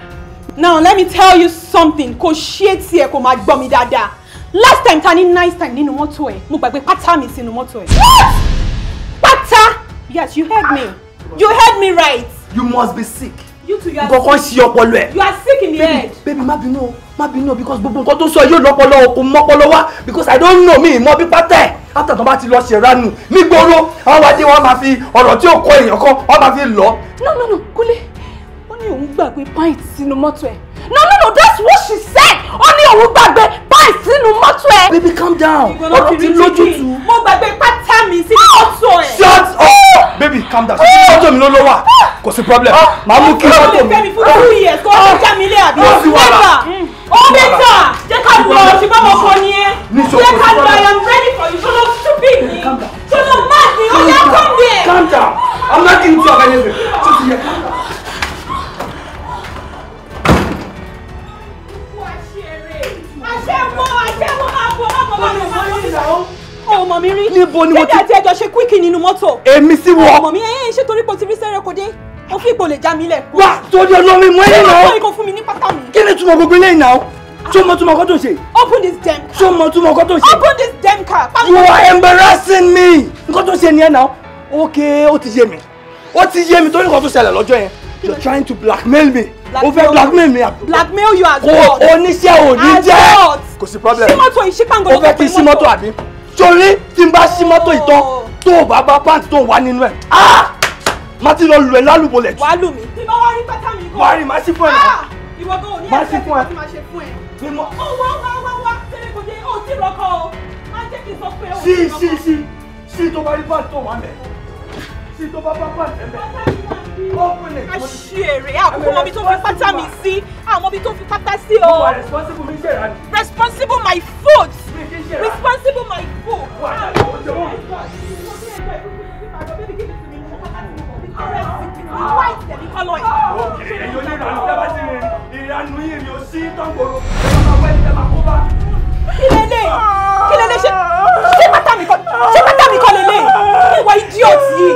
now let me tell you something kò ṣe tiẹ̀ kò máa gbọ́ mi dáadáa last time ta ní nice time nínú mọ́tò ẹ̀ mo gbàgbé pátá mi sínú mọ́tò ẹ̀. pátá yes you heard me you heard me right. you must be sick. you too you are sick. nǹkan kan ṣe ọpọlọ ẹ. you are sick in the head. baby baby má bínú o má bínú because gbogbo nǹkan tó sọ yóò lọ́pọlọ kò mọ́pọlọ wá because i don't know mi mọ́ bí pátẹ́ after tán bá ti lọ ṣèrànù nígboro àwọn wá dé wọn máa fi ọ̀rọ̀ tí ò kọ èèyàn kan wọn máa fi lọ. no no no Kúnlé ó ní òun gbàgbé pint sínú mọ́tò ẹ̀ no no no that's what she said ó ní òun gbàgbé pint sínú mọ́tò ẹ̀. baby calm down ọ̀rọ̀ ti lójútu. mo gbàgbé pátá mi sínú ah! mọ́tò ẹ̀. shut up ah! baby calm down mọ́tò mi ló lọ wà ah! kò sí problem màá mú kí mọ́tò mi. ó lè fẹ́ mi fún two years kó o já ó bẹ tà jẹ́ ká lọ ṣùgbọ́n mo kọ ni ẹ jẹ́ ká lọ I am ready for you ṣọlọ stupid ni ṣọlọ mad ni ó yẹ come mi. calm down I'm not into your anything ṣe ti yẹ calm down. ọmọ mi rí níbo ni mo ti. jẹ́jẹ́ àti ẹjọ́ ṣe quickie nínú She èmi sí wọ. ọmọ mi ẹ̀ ẹ́ ṣe torí pé o ti rí sẹ́rẹ̀ kò dé mo fi ipò lè já mi lẹ̀. wá torí olórí mú ẹni náà. kí ló kọ́ fún mi ní pátá mi. kí ni túmọ̀ gbogbo eléyìí náà ṣó mọ túmọ̀ kọ́ tó ṣe. open this damn car. ṣó mọ túmọ̀ kọ́ tó ṣe. open this damn car. you are embarrassing me. nǹkan tó ṣe nìyẹn náà. okay ó ti yé mi ó ti yé mi torí nǹkan tó ṣẹlẹ̀ lọ́jọ́ yẹn you are trying to blackmail me. o fẹ́ blackmail me. blackmail you as God. kò oníṣẹ́ òní jẹ́. kò sí problem. sí mọ́tò ìṣípàǹgò ló fẹ́ kí sí mọ́tò àbí. torí tí n bá sí mọ́tò ìtọ́ oh. tó o bá bá pàǹtí ah má ti lọ lù ẹ lálùbọ̀lẹ̀ jù. wàá lù mí. bí bá wá rí pátá mi kọ́. wàá rí màá sí fún ẹ. Ah! ìwọ gan òní ẹgbẹ́ tí mo ti máa ṣe fún ẹ. ó oh, wá wá wá wá tẹ́lẹ̀ kò dé ó ti o má jẹ́ kí n sọ pé ó ti rọkọ. sí sí sí sí tó bá rí bá tó wà mẹ́ sí tó bá bá bá tẹ̀ mẹ́. ọkùnrin a ṣe èrè àkókò mọ́bí tó fi pátá mi sí àmọ́bí tó fi pátá sí o. mo wà responsible mi ṣèrà ni. responsible my foot responsible my foot. wà á ṣe àwọn ọjọ́ wọn òkè you onírànú dábàá sí rìn ìranú yìí rí o sí tọ́gbòrò ẹ̀rọ máa wẹ́ nígbà máa kó bá. kí lè lè kí lè lè ṣe ṣé pátá mi kọ́ ṣé pátá mi kọ́ lè lè ìwà idiot yìí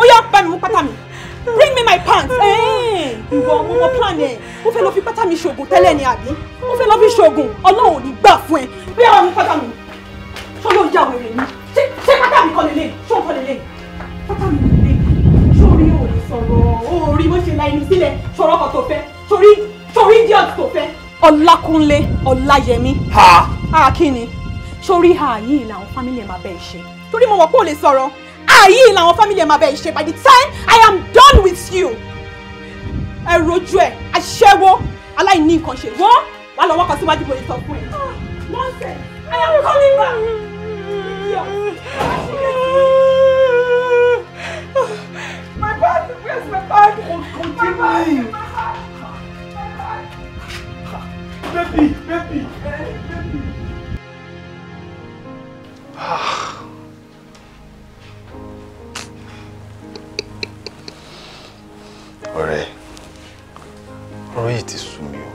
ó yá bá bring me my pants. ìwọ ọmọ ọmọ plan ẹ ó fẹ́ lọ fi pátá mi ṣoògùn tẹ́lẹ̀ ni àbí ó fẹ́ lọ fi ṣoògùn ọlọ́run ò ní gbà fún ẹ bí àwọn mú pátá mi ṣọlọ́ọ̀ ìjà wèrè mi ṣé pátá mi kọ́ lè lè ṣó kọ́ sọ̀rọ̀ orí bó ṣe la ẹni sílẹ̀ sọ̀rọ̀ kan tó fẹ́ torí torí idiot tó fẹ́. Ọlákúnlé Ọláyẹmí. ha ha kí ni sórí ha yìí làwọn fámìlì ẹ̀ máa bẹ̀ ṣe torí mo mọ̀ pé ò lè sọ̀rọ̀ ha làwọn fámìlì ẹ̀ máa bẹ̀ ṣe by the time I am done with you. ẹ rojú ẹ aṣẹ́wó aláìní nǹkan ṣe wọ́n wà lọ́wọ́ kan síwájú bó lè sọ fún ẹ. Ah, nonsense I am coming back. back. Continue. Baby, baby, baby. Ọ̀rẹ́, ọ̀rọ̀ yìí ti sú mi o.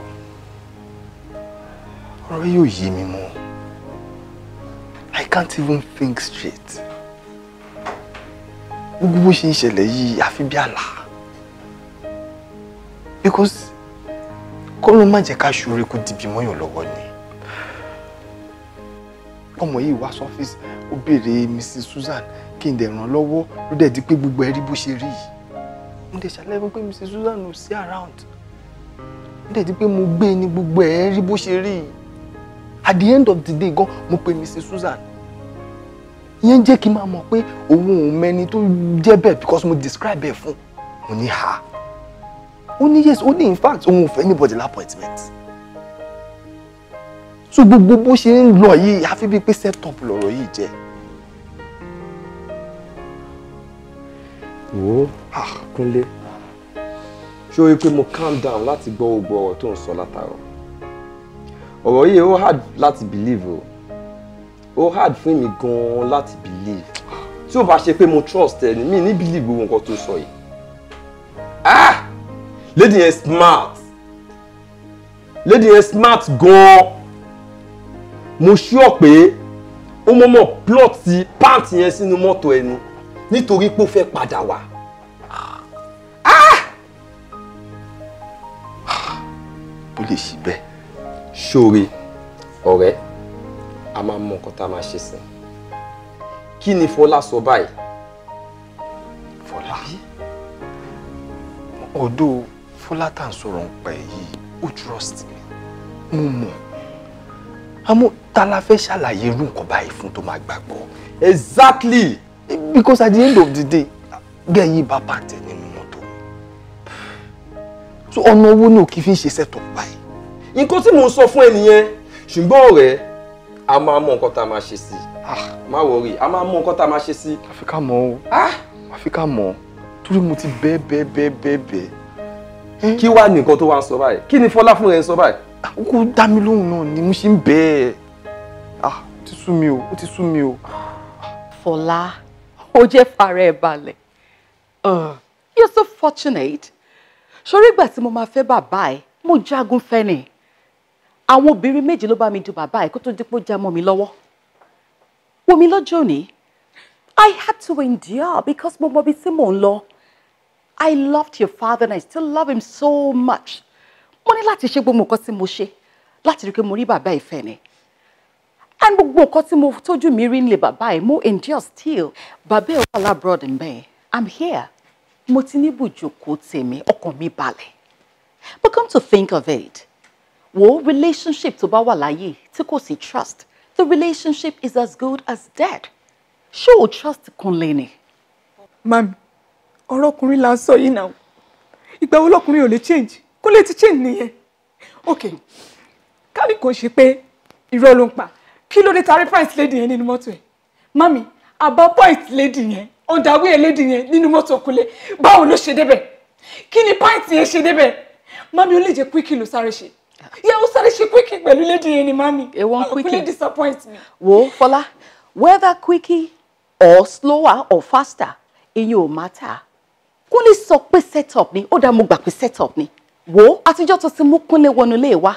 Ọ̀rọ̀ yìí ò mi mọ́. I can't even think straight gbogbo bó ṣe ń ṣẹlẹ̀ yìí àfi bí àlá because kọ́lọ́ má jẹ́ ká ṣoore kó dìbì mọ́yàn lọ́wọ́ ni ọmọ yìí wá sọ́fíìsì ó béèrè Mrs Susan kí n dẹ̀ ràn lọ́wọ́ ló dẹ̀ di pé gbogbo ẹ rí bó ṣe rí yìí mo dẹ̀ ṣàlàyé pé Mrs Susan ò sí around ó dẹ̀ di pé mo gbé e ní gbogbo ẹ rí bó ṣe rí yìí at the end of the day gan mo pe Mrs Susan yẹn jẹ́ kí n máa mọ̀ pé òun ò mẹni tó jẹ́ bẹ́ẹ̀ because mo describe ẹ̀ fún mo ní ha ó ní yes ó ní in fact òun ò fẹ́ anybody la appointment so gbogbo bó ṣe ń lọ yìí àfi bíi pé set up lọ̀rọ̀ yìí jẹ́. wo ah, Kúnlé ṣé o rí i pé mo calm down láti gbọ́ gbogbo ọ̀rọ̀ tó ń sọ látàrọ̀ ọ̀rọ̀ yìí ó hard láti believe o. Oh ó hard fún mi gan-an láti believe tí ó bá ṣe pé mo trust ẹ ní mi ní believe gbogbo nǹkan tó sọ yìí ah lady yẹn smart lady yẹn smart gan-an mo sure pé ó mọ̀mọ̀ plot ti pant yẹn sínú mọ́tò ẹni nítorí pé ó fẹ́ padà wá. Ah! Ah! ó lè ṣí bẹ́ẹ̀. ṣoore ọ̀rẹ́ a máa mọ nǹkan tá a máa ṣe sí kí ni Fọlá sọ báyìí. Fọlá ọdọ Fọlá tá à ń sọ̀rọ̀ ń pa èyí ó trust me mo mọ̀ àmọ́ ta la fẹ́ ṣàlàyé irú nǹkan báyìí fún tó máa gbàgbọ́. exactly because at the end of the day gẹ̀yìn bá pàǹtẹ̀ nínú mọ́tò so ọ̀nà owó náà kì í fi ń ṣe set up báyìí. nǹkan tí mò ń sọ fún ẹ nìyẹn ṣùgbọ́n ọ̀rẹ́ a máa mọ nǹkan tá a máa ṣe sí i ah. má wọrí a máa mọ nǹkan tá a máa ṣe sí i. àfi ká mọ̀ o àfi ah! ká mọ̀ torí mo ti bẹ́ẹ̀ bẹ́ẹ̀ bẹ́ẹ̀ bẹ́ẹ̀ bẹ́ẹ̀. kí eh? wàá nìkan tó wá ń sọ báyìí kí ni fọlá fún rẹ ń sọ báyìí. kó dá mi lóhùn náà ni mo ṣe ń bẹ́ẹ̀ ah ó ti sú mi o ó ti sú mi o. fọlá ó jẹ́ fara ẹ̀ balẹ̀ uh, you're so fortunate ṣorí ìgbà tí mo máa fẹ́ bàbá ẹ̀ mo jagun fẹ́ ni àwọn obìnrin méje ló bá mi du bàbá ẹ̀ kó tó dípò já mọ́ mi lọ́wọ́ wò mí lọ́jọ́ òní I had to endure because mo mọ ibi tí mò ń lọ I loved your father and I still love him so much mo ní láti ṣe gbogbo nǹkan tí mo ṣe láti rí i pé mo rí bàbá ẹ̀ fẹ́ ni and gbogbo nǹkan tí mo tójú mi rí nílé bàbá ẹ̀ mo endure still bàbá ẹ̀ wà lábroad mbẹ́ I'm here mo ti ní ibùjókòó tèmi ọkàn mi balẹ̀ but come to think of it wo relationship tó bá wà láyé tí kò sí trust the relationship is as good as dead ṣé o trust kan lè ní. mami ọ̀rọ̀ ọkùnrin la ń sọ yìí náà ìgbà wo lọkùnrin ò lè change kó lè ti change nìyẹn ok kárí kò ṣe pé irọ́ ló ń pa kí ló dé tarí price lady yẹn nínú mọ́tò ẹ̀ mami àbá point lady yẹn underwear lady yẹn nínú mọ́tò ọkùnrin báwo ló ṣe débẹ̀ kí ni point yẹn ṣe débẹ̀ mami ó lè jẹ́ quick ló sáré ṣe Yeah, ó sáré ṣe quickie pẹ̀lú lady yẹn ni mami. Èwọ̀n quickie. Kúlẹ̀ disappoint me. Wo Fọlá, whether quickie or slower or faster, ìyẹn ò matter. Kúnlé sọ pé set up ni, ó da mo gbà pé set up ni. Wo àtijọ́ tó ti mú Kúnlé wọnú ilé wa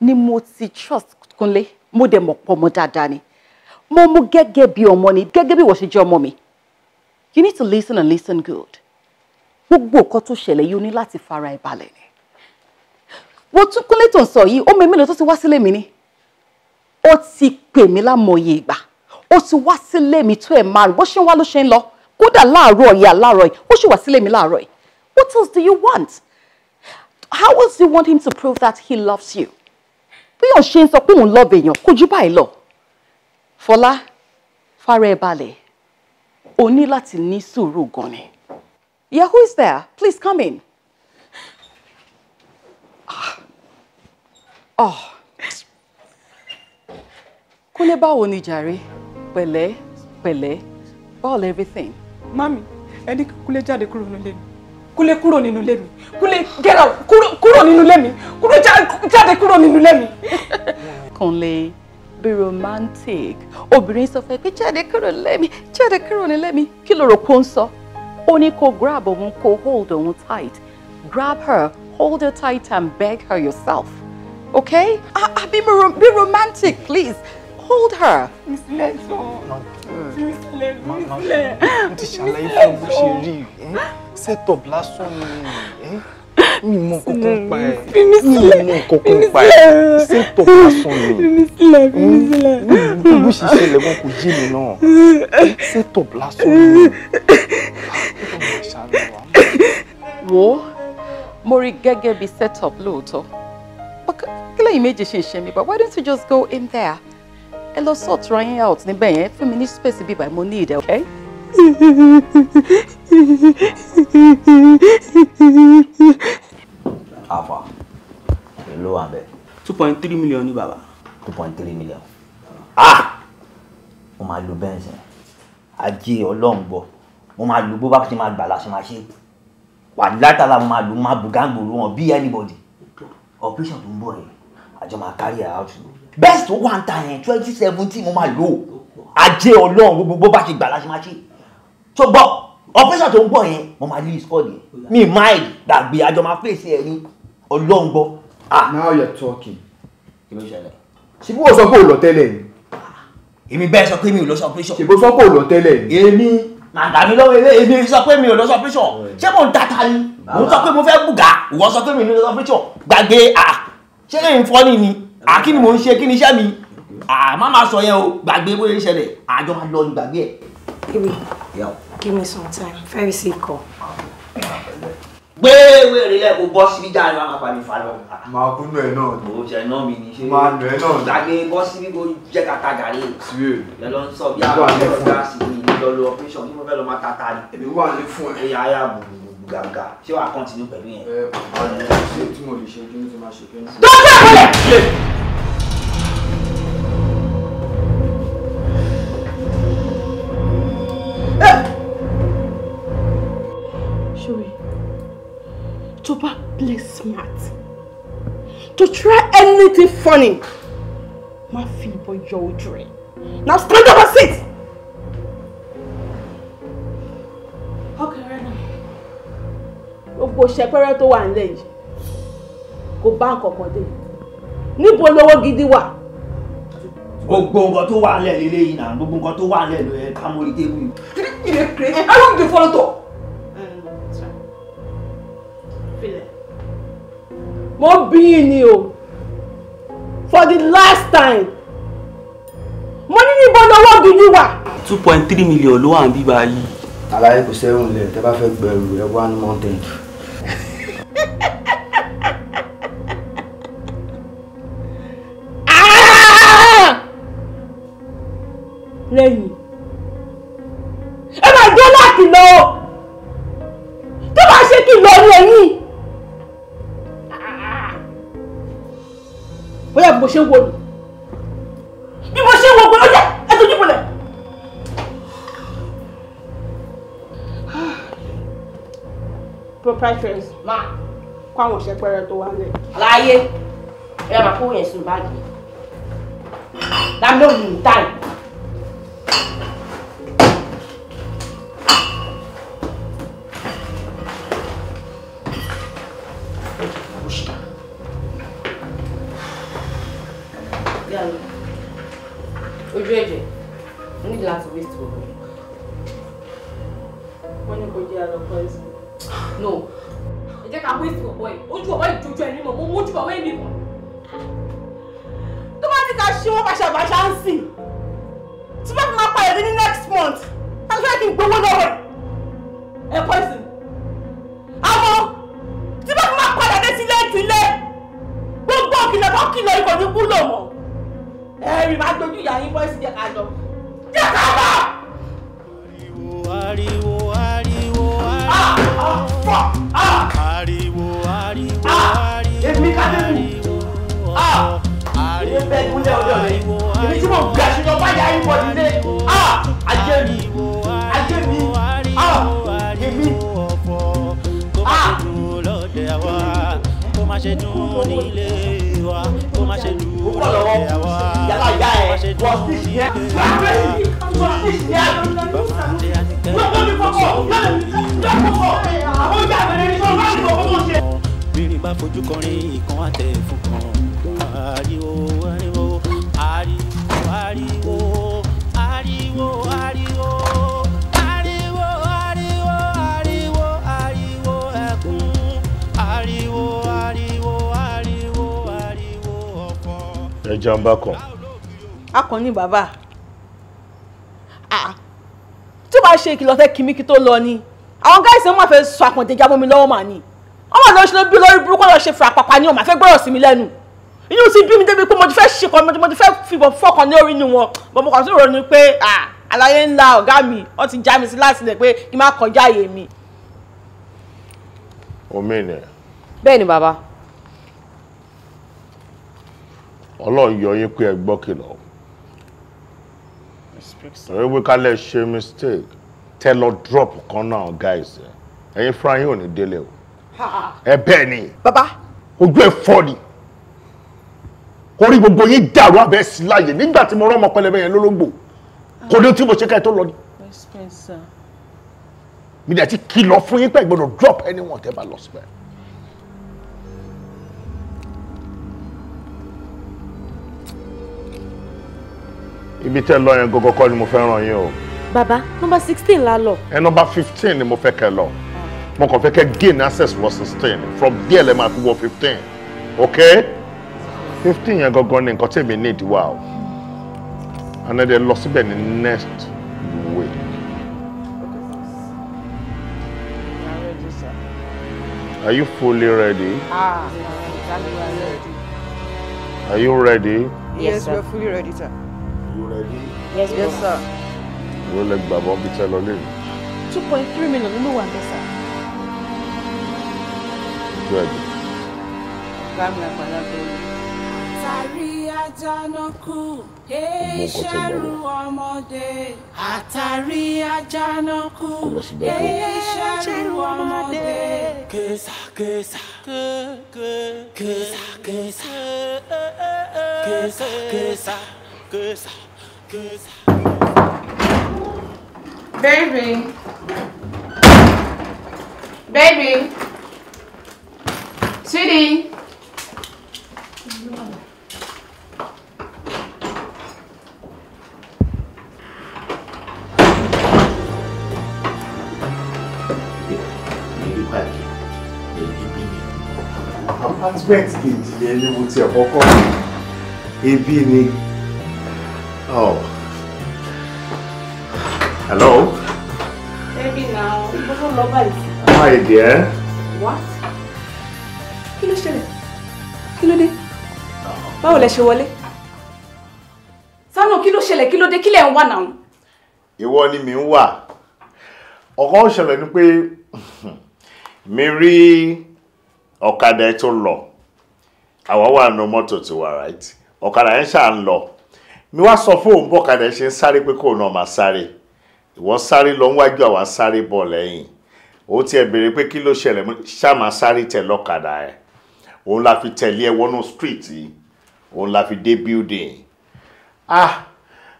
ni mo ti trust kunle, mo dẹ̀ mọ̀ pọ̀ mọ́ dáadáa ni. Mo mú gẹ́gẹ́ bí ọmọ ni, gẹ́gẹ́ bí ìwọ ṣe jẹ́ ọmọ mi. You need to listen and listen good. Gbogbo nǹkan tó ṣẹlẹ̀ yìí o ní láti fara ẹ̀ balẹ̀ ni wo tún kúnlé tó ń sọ yìí ó mẹ́mí lọ tó ti wá sílé mi ni ó ti pè mí lámọye ìgbà ó ti wá sílé mi tó ẹ̀ márùn bó ṣe ń wá ló ṣe ń lọ kódà láàárọ̀ yìí àláàárọ̀ yìí ó ṣì wá sílé mi láàárọ̀ yìí what else do you want how else do you want him to prove that he loves you bí yàn ṣe ń sọ pé òun lọ́ọ̀bù èèyàn kò jù báyìí lọ fọlá fara ẹ balẹ̀ o ní láti ní sùúrù gan ni yeah who is there please come in. ọ ah. kúnlé báwo ni jàre pẹ̀lẹ́ pẹ̀lẹ́ all everything. mami ẹni kúnlé jáde kúrò nílé mi kúnlé kúrò nínú ilé mi kúnlé get out kúrò nínú ilé mi kúnlé jáde kúrò nínú ilé mi. kúnlé be romantic obìnrin sọ fẹ́ pé jáde kúrò nílé mi jáde kúrò nílé mi kí ló rò kó ń sọ ó ní kó grab òun kó hold òun tight grab her hold her tight and beg her yourself okay? Ah, ah, be, rom be romantic, please. Hold her. Miss Leto. Miss Leto. Miss Leto. Miss ti eh? eh? Miss fún Miss ṣe Miss i. Miss up Miss ni mi mọ kókó pa ẹ mi mọ kókó pa ẹ set up lásán ni mi bó ṣe ṣẹlẹ̀ wọn kò yé mi náà set up lásán ah, ni wo mo rí gẹ́gẹ́ bí set up lóòótọ́ kí lẹ́yìn méje ṣe ṣe mi but why don't you just go in there ẹ lọ sort ryan out níbẹ̀ yẹn fún mi ní space bíbá mo ní ìdẹ okay. àbá èló wà bẹ́ẹ̀. two point three million ní bàbá. two point three million ah mo máa lo bẹ́ǹsì ajé ọlọ́run gbọ́ mo máa lo bó bá ti máa gbà láti máa ṣe wà látara mo máa lo máa bù wọn bí anybody operation tó ń bọ̀ yìí àjọ máa carry her out. best one time twenty seventeen mo máa lò ó ajé ọlọ́run gbogbo bá ṣe gbà láṣẹ máa ṣe tó gbọ́ operation tó ń bọ̀ yẹn mo máa leave squad yẹn mi mind dàgbé àjọ máa fèsì ẹ̀ ní ọlọ́run gbọ́. now you're talking. kí ló ṣẹlẹ̀. ṣé bí wọ́n sọ pé ò lọ tẹ́lẹ̀ ni. Ah, èmi bẹ́ẹ̀ sọ pé mi ò lọ sí operation. ṣèbó sọ pé ò lọ tẹ́lẹ̀ ni. èmi màá gbà mí lọ́wọ́ ilé èmi sọ pé mi ò lọ sọ píṣọ̀ ṣé mò ń tata ni mò sọ pé mo fẹ́ bùgà ìwọ sọ pé mi ò lọ sọ gbàgbé à ṣé èyí fọ́nì ni à kí ni mò ń ṣe kí ni iṣẹ́ mi à má máa sọ yẹn o gbàgbé bóyá ìṣẹ̀lẹ̀ àjọ máa lọ gbàgbé ẹ̀. give me give me some time very sick gbé wèrè lẹ kó bọ́ síbi jáde wá máa pa mi fa lọ. máa kú nù ẹ náà ni. o jẹ náà mi ni. máa nù ẹ náà ni. gbàgbé bọ́ síbi kó jẹ́ kàtà gàrí. síbè ẹ lọ sọ bí àwọn ọmọ ọgá sí mi ní lọ́lọ́ operation kí mo fẹ́ lọ máa tata ni. èmi wà ní fún ẹ. ẹyà ayà bùbù gàgà ṣé wàá continue pẹ̀lú yẹn. ẹ ẹ ṣé tí mo lè ṣe kí n ti máa ṣe kí n dókítà play smart to try anything funny my fi ìbọn yọ now stand up and sit. okay Rena gbogbo go tó wà nílẹ̀ yìí kò bá nǹkan kan dé níbo lówó gidi wà gbogbo nǹkan tó wà nílẹ̀ lélẹ́yìn náà gbogbo nǹkan tó wà nílẹ̀ ló yẹ ká mórí tébù. kí ni kí ni kí ni i don't dey follow talk. mo bí ni o for the last time mo ní níbo lọ́wọ́ dúdú wa? two point three million ló wà ń bí báyìí. àlàyé kò sẹ́wọ̀n lẹ̀ tẹ́ bá fẹ́ gbẹ̀rù ẹ̀ wá ní mountain. lẹ́yìn ẹ máa dé láti lọ. bó ṣe ń wo lò bí mo ṣe ń wo pé ó yẹ ẹ tó dìbò lẹ. proprietress máa kó àwọn òṣèpẹ rẹ tó wá lẹ. aláyé ẹ máa kó yẹn sínú báàgì dáńdọ́ọ̀lù ní táì. mú nílé wa kó má ṣe dúró lọ́wọ́ yàrá ìyá ẹ̀ wọ́n sì sí ẹ́ wọ́n sì sí ẹ́ lọ́wọ́ mi kọ́kọ́ lọ́wọ́ mi kọ́kọ́ àwọn ọjà bẹ̀rẹ̀ ní sọ́ọ́ báyìí kọ́kọ́ mọ̀ ṣe. bí bá fojú kọrin ìkan àtẹ̀ fún kan ariwo ariwo. ìjàmbá kan. akàn ni bàbá tí ó bá ṣe ìkìlọ̀ tẹ́ kí mi kí tó lọ ni àwọn gáàsì wọn máa fẹ́ sọ àkàndé jábọ́ mi lọ́wọ́ màá ni wọn máa lọ ṣe bí olórí burúkú lọ ṣe fàpàpà ni wọn máa fẹ́ gbọ́rọ̀ sí mi lẹ́nu inú ti bí mi débi pé mo ti fẹ́ ṣe kan mo ti fẹ́ fìbọn fọkàn ní orí ni wọn bọ̀ mo kàn sí ìrònú pé àlàyé ńlá ọ̀gá mi wọ́n ti já mi sí láti lẹ̀ pé kí n má kọjá àyè mi. omi ni. bẹ́ẹ̀ ni ọlọ́run yọ yín pé ẹ gbọ́ kìlọ̀ ewé kálẹ̀ ṣe mistake tẹ lọ drop kan náà ọ̀gá ẹ̀sẹ̀ ẹ̀yin fúnra yín ò ní délé o ẹ bẹ́ẹ̀ ni bàbá ojú ẹ fọ́ ni orí gbogbo yín dàrú abẹ́ sí láàyè nígbà tí mo rán ọmọ pẹlẹbẹ yẹn lólógbò kò ní tí mo ṣe ká ẹ tó lọ ni mi dẹ̀ ti kìlọ̀ fún yín pé gbọ́dọ̀ drop anyone tẹ́ bá lọ síbẹ̀. ibi tẹ́ lọ yẹn gọ́gọ́ kọ́ ni mo fẹ́ ràn yín o. bàbá nọmba sixteen la lọ. ẹ nọmba fifteen ni mo fẹ́ kẹ́ lọ mo kàn fẹ́ kẹ́ gain access wọ sixteen from there lẹ́ máa fi wọ fifteen ok fifteen yẹn gọ́gọ́ ni nǹkan tẹ̀mí ní ìdíwà o and then lọ síbẹ̀ ní next week. Are you fully ready? Ah, exactly. Are you ready? Yes, yes sir. we're fully ready, sir. Yes, yes, sir. Wọ́n lè gbà bọ́ bí tẹ́ lọ lé. Two point three million ló wà bẹ́ẹ̀ sà. Ojú ẹ̀jẹ̀. Báàmì àgbàlá bẹ́ẹ̀ ni. Àtàrí ajánakú, èéṣẹ́rù ọmọdé. Àtàrí ajánakú, èéṣẹ́rù ọmọdé. Kèsà kèsà. Kèsà kèsà. Kèsà kèsà. Kèsà. Baby. Baby. Sweetie. apartment kejì yẹn ni mo ti ẹ̀kọ́ kọ́ ebi ni Oh. Hello? Baby now, what love is Hi dear. What? Kilo ló kilo de. ló dé? Báwo lẹ ṣe wọlé? Sanu, kí ló ṣẹlẹ̀? Kí ló dé? Kí lẹ̀ ni mi ń wà. Ọ̀kan ni pé mi rí ọ̀kadà tó lọ. Àwa wà nínú mọ́tò tiwa, right? Ọ̀kadà yẹn ṣáà ń mi wá sọ fóun bọ̀ kadà ṣe ń sáré pé kóun náà máa sáré ìwọ sáré lọ níwájú àwa sáré bọ̀ lẹ́yìn ó tiẹ̀ béèrè pé kí ló ṣẹlẹ̀ ṣá máa sáré tẹ̀ lọ́kadà ẹ̀ òun la fi tẹ̀lé ẹ wọnú street yìí òun la fi dé building ah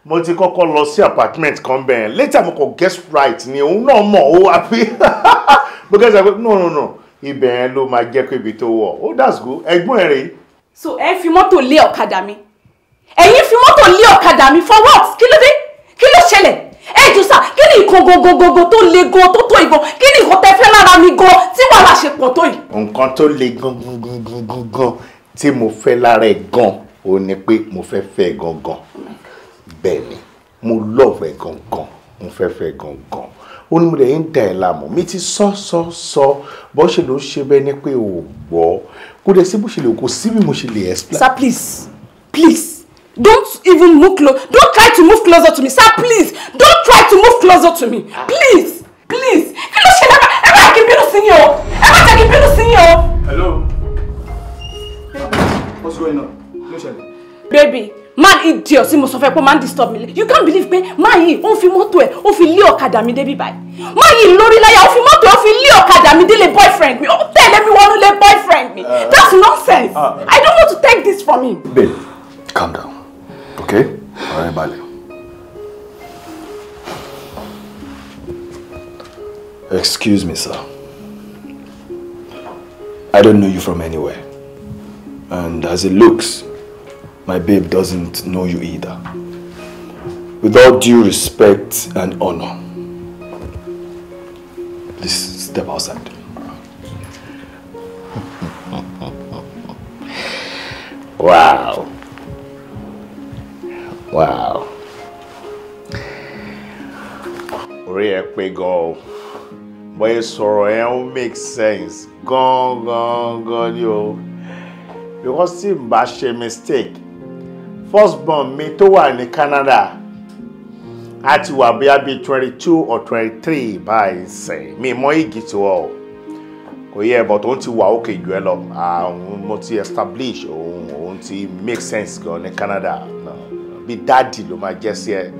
mo ti kọ́kọ́ lọ sí apartment kan bẹ́ẹ̀ later mo kọ guest right ni òun náà mọ̀ ó wá pé mo kẹ́sà pé no no no ibẹ̀ yẹn ló máa jẹ́ pé ibi tó wọ̀ oh that's good ẹ̀gbọ́n ẹ̀ rèé. so ẹ fi mọ́tò lé ọ̀kadà mi ẹ̀yin fi mọ́tò lé ọ̀kadà mi for what kí ló dé kí ló ṣẹlẹ̀ ẹ jù sá kí ni nǹkan gogogogo tó le gan tó tó ìbọn kí ni nǹkan tẹ fẹ́ lára mi gan tí wàhálà ṣe pọ̀ tó yìí. nǹkan tó le gan tí mo fẹ́ lára ẹ̀ gan ò ní pé mo fẹ́ fẹ́ ẹ̀ gangan oh bẹ́ẹ̀ ni mo love ẹ̀ gangan mo fẹ́ fẹ́ ẹ̀ gangan ó ní mo dẹ̀ ń da ẹ̀ láàmú mi ti sọ sọ sọ bó ṣe ló ṣe bẹ́ẹ̀ ni pé ò gbọ́ kó dẹ̀ sí bó ṣe lè kó sí bí mo ṣe lè explain. sir please please don't even move close don't try to move closer to me sir please don't try to move closer to me ah. please please kí ló ṣe lára ẹ má no senior, ever sí yín o ẹ má hello baby what's going on kí ló baby man idiot tí mo sọ fẹ́ pé man disturb me you can't believe pé man he, ó fi mọ́tò ẹ̀ ó fi lé ọ̀kadà mi débi báyìí man he, lórí láyà ó fi mọ́tò ó fi lé ọ̀kadà mi délé boyfriend me. Oh, tell everyone wọnú lé boyfriend mi eh. that's nonsense uh, uh, I don't want to take this from him. babe calm down. ok All right, ẹ Excuse me, sir. I don't know you from anywhere. And as it looks, my babe doesn't know you either. Without due respect and honor, please step outside. wow. wow orí ẹ pé gan o bóyá sọ̀rọ̀ ẹ ń make sense gan gan gan ni o because tí n bá ṣe mistake firstborn mi tó wà ní Canada a ti wà bóyá bíi twenty two or twenty three báyìí sẹ́yìn mi mọ igi tó ọ kò yẹ but òun ti wà òkè jù ẹ lọ àwọn mo ti establish òun òun ti make sense gan ní Canada bí dáàdì lo ma jẹ́ sí ẹ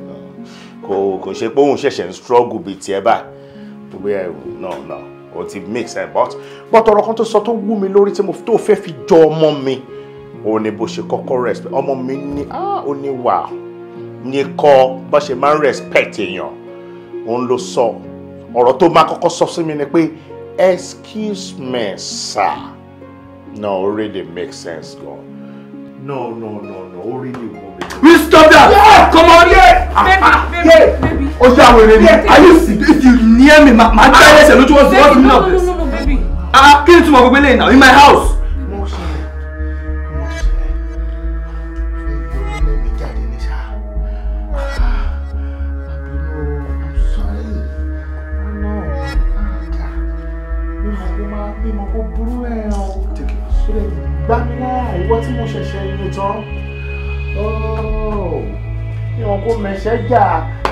ko kò ṣe pé òun ṣẹ̀ṣẹ̀ ń struggle bíi tiẹ̀ ba. gbogbo ẹ̀ náà náà ó ti make sense but but ọ̀rọ̀ kan tó sọ tó wú mi lórí tí mo tó fẹ́ fi jọ ọmọ mi ó ní bó ṣe kọ́kọ́ respect ọmọ mi ní ah ó ní wà ní kọ́ bó ṣe máa ń respect èèyàn òun ló sọ ọ̀rọ̀ tó máa kọ́kọ́ sọ sí mi ni pé excuse me sir no really make sense God. No, no, no, no. Oh, really, woman. We stop that! Yeah. Come on, yeah! Ah, baby, ah, baby, yeah. baby. Oh, yeah, wait, baby. Yeah, Are you sick? If you near me, my my ah, is a little what's what's no, no, no, no, no, baby. Ah, kill ni tí mo gbé now in my house. tí mo ṣẹ̀ṣẹ̀ ní tán ní oh, wọn mẹsẹ̀ jà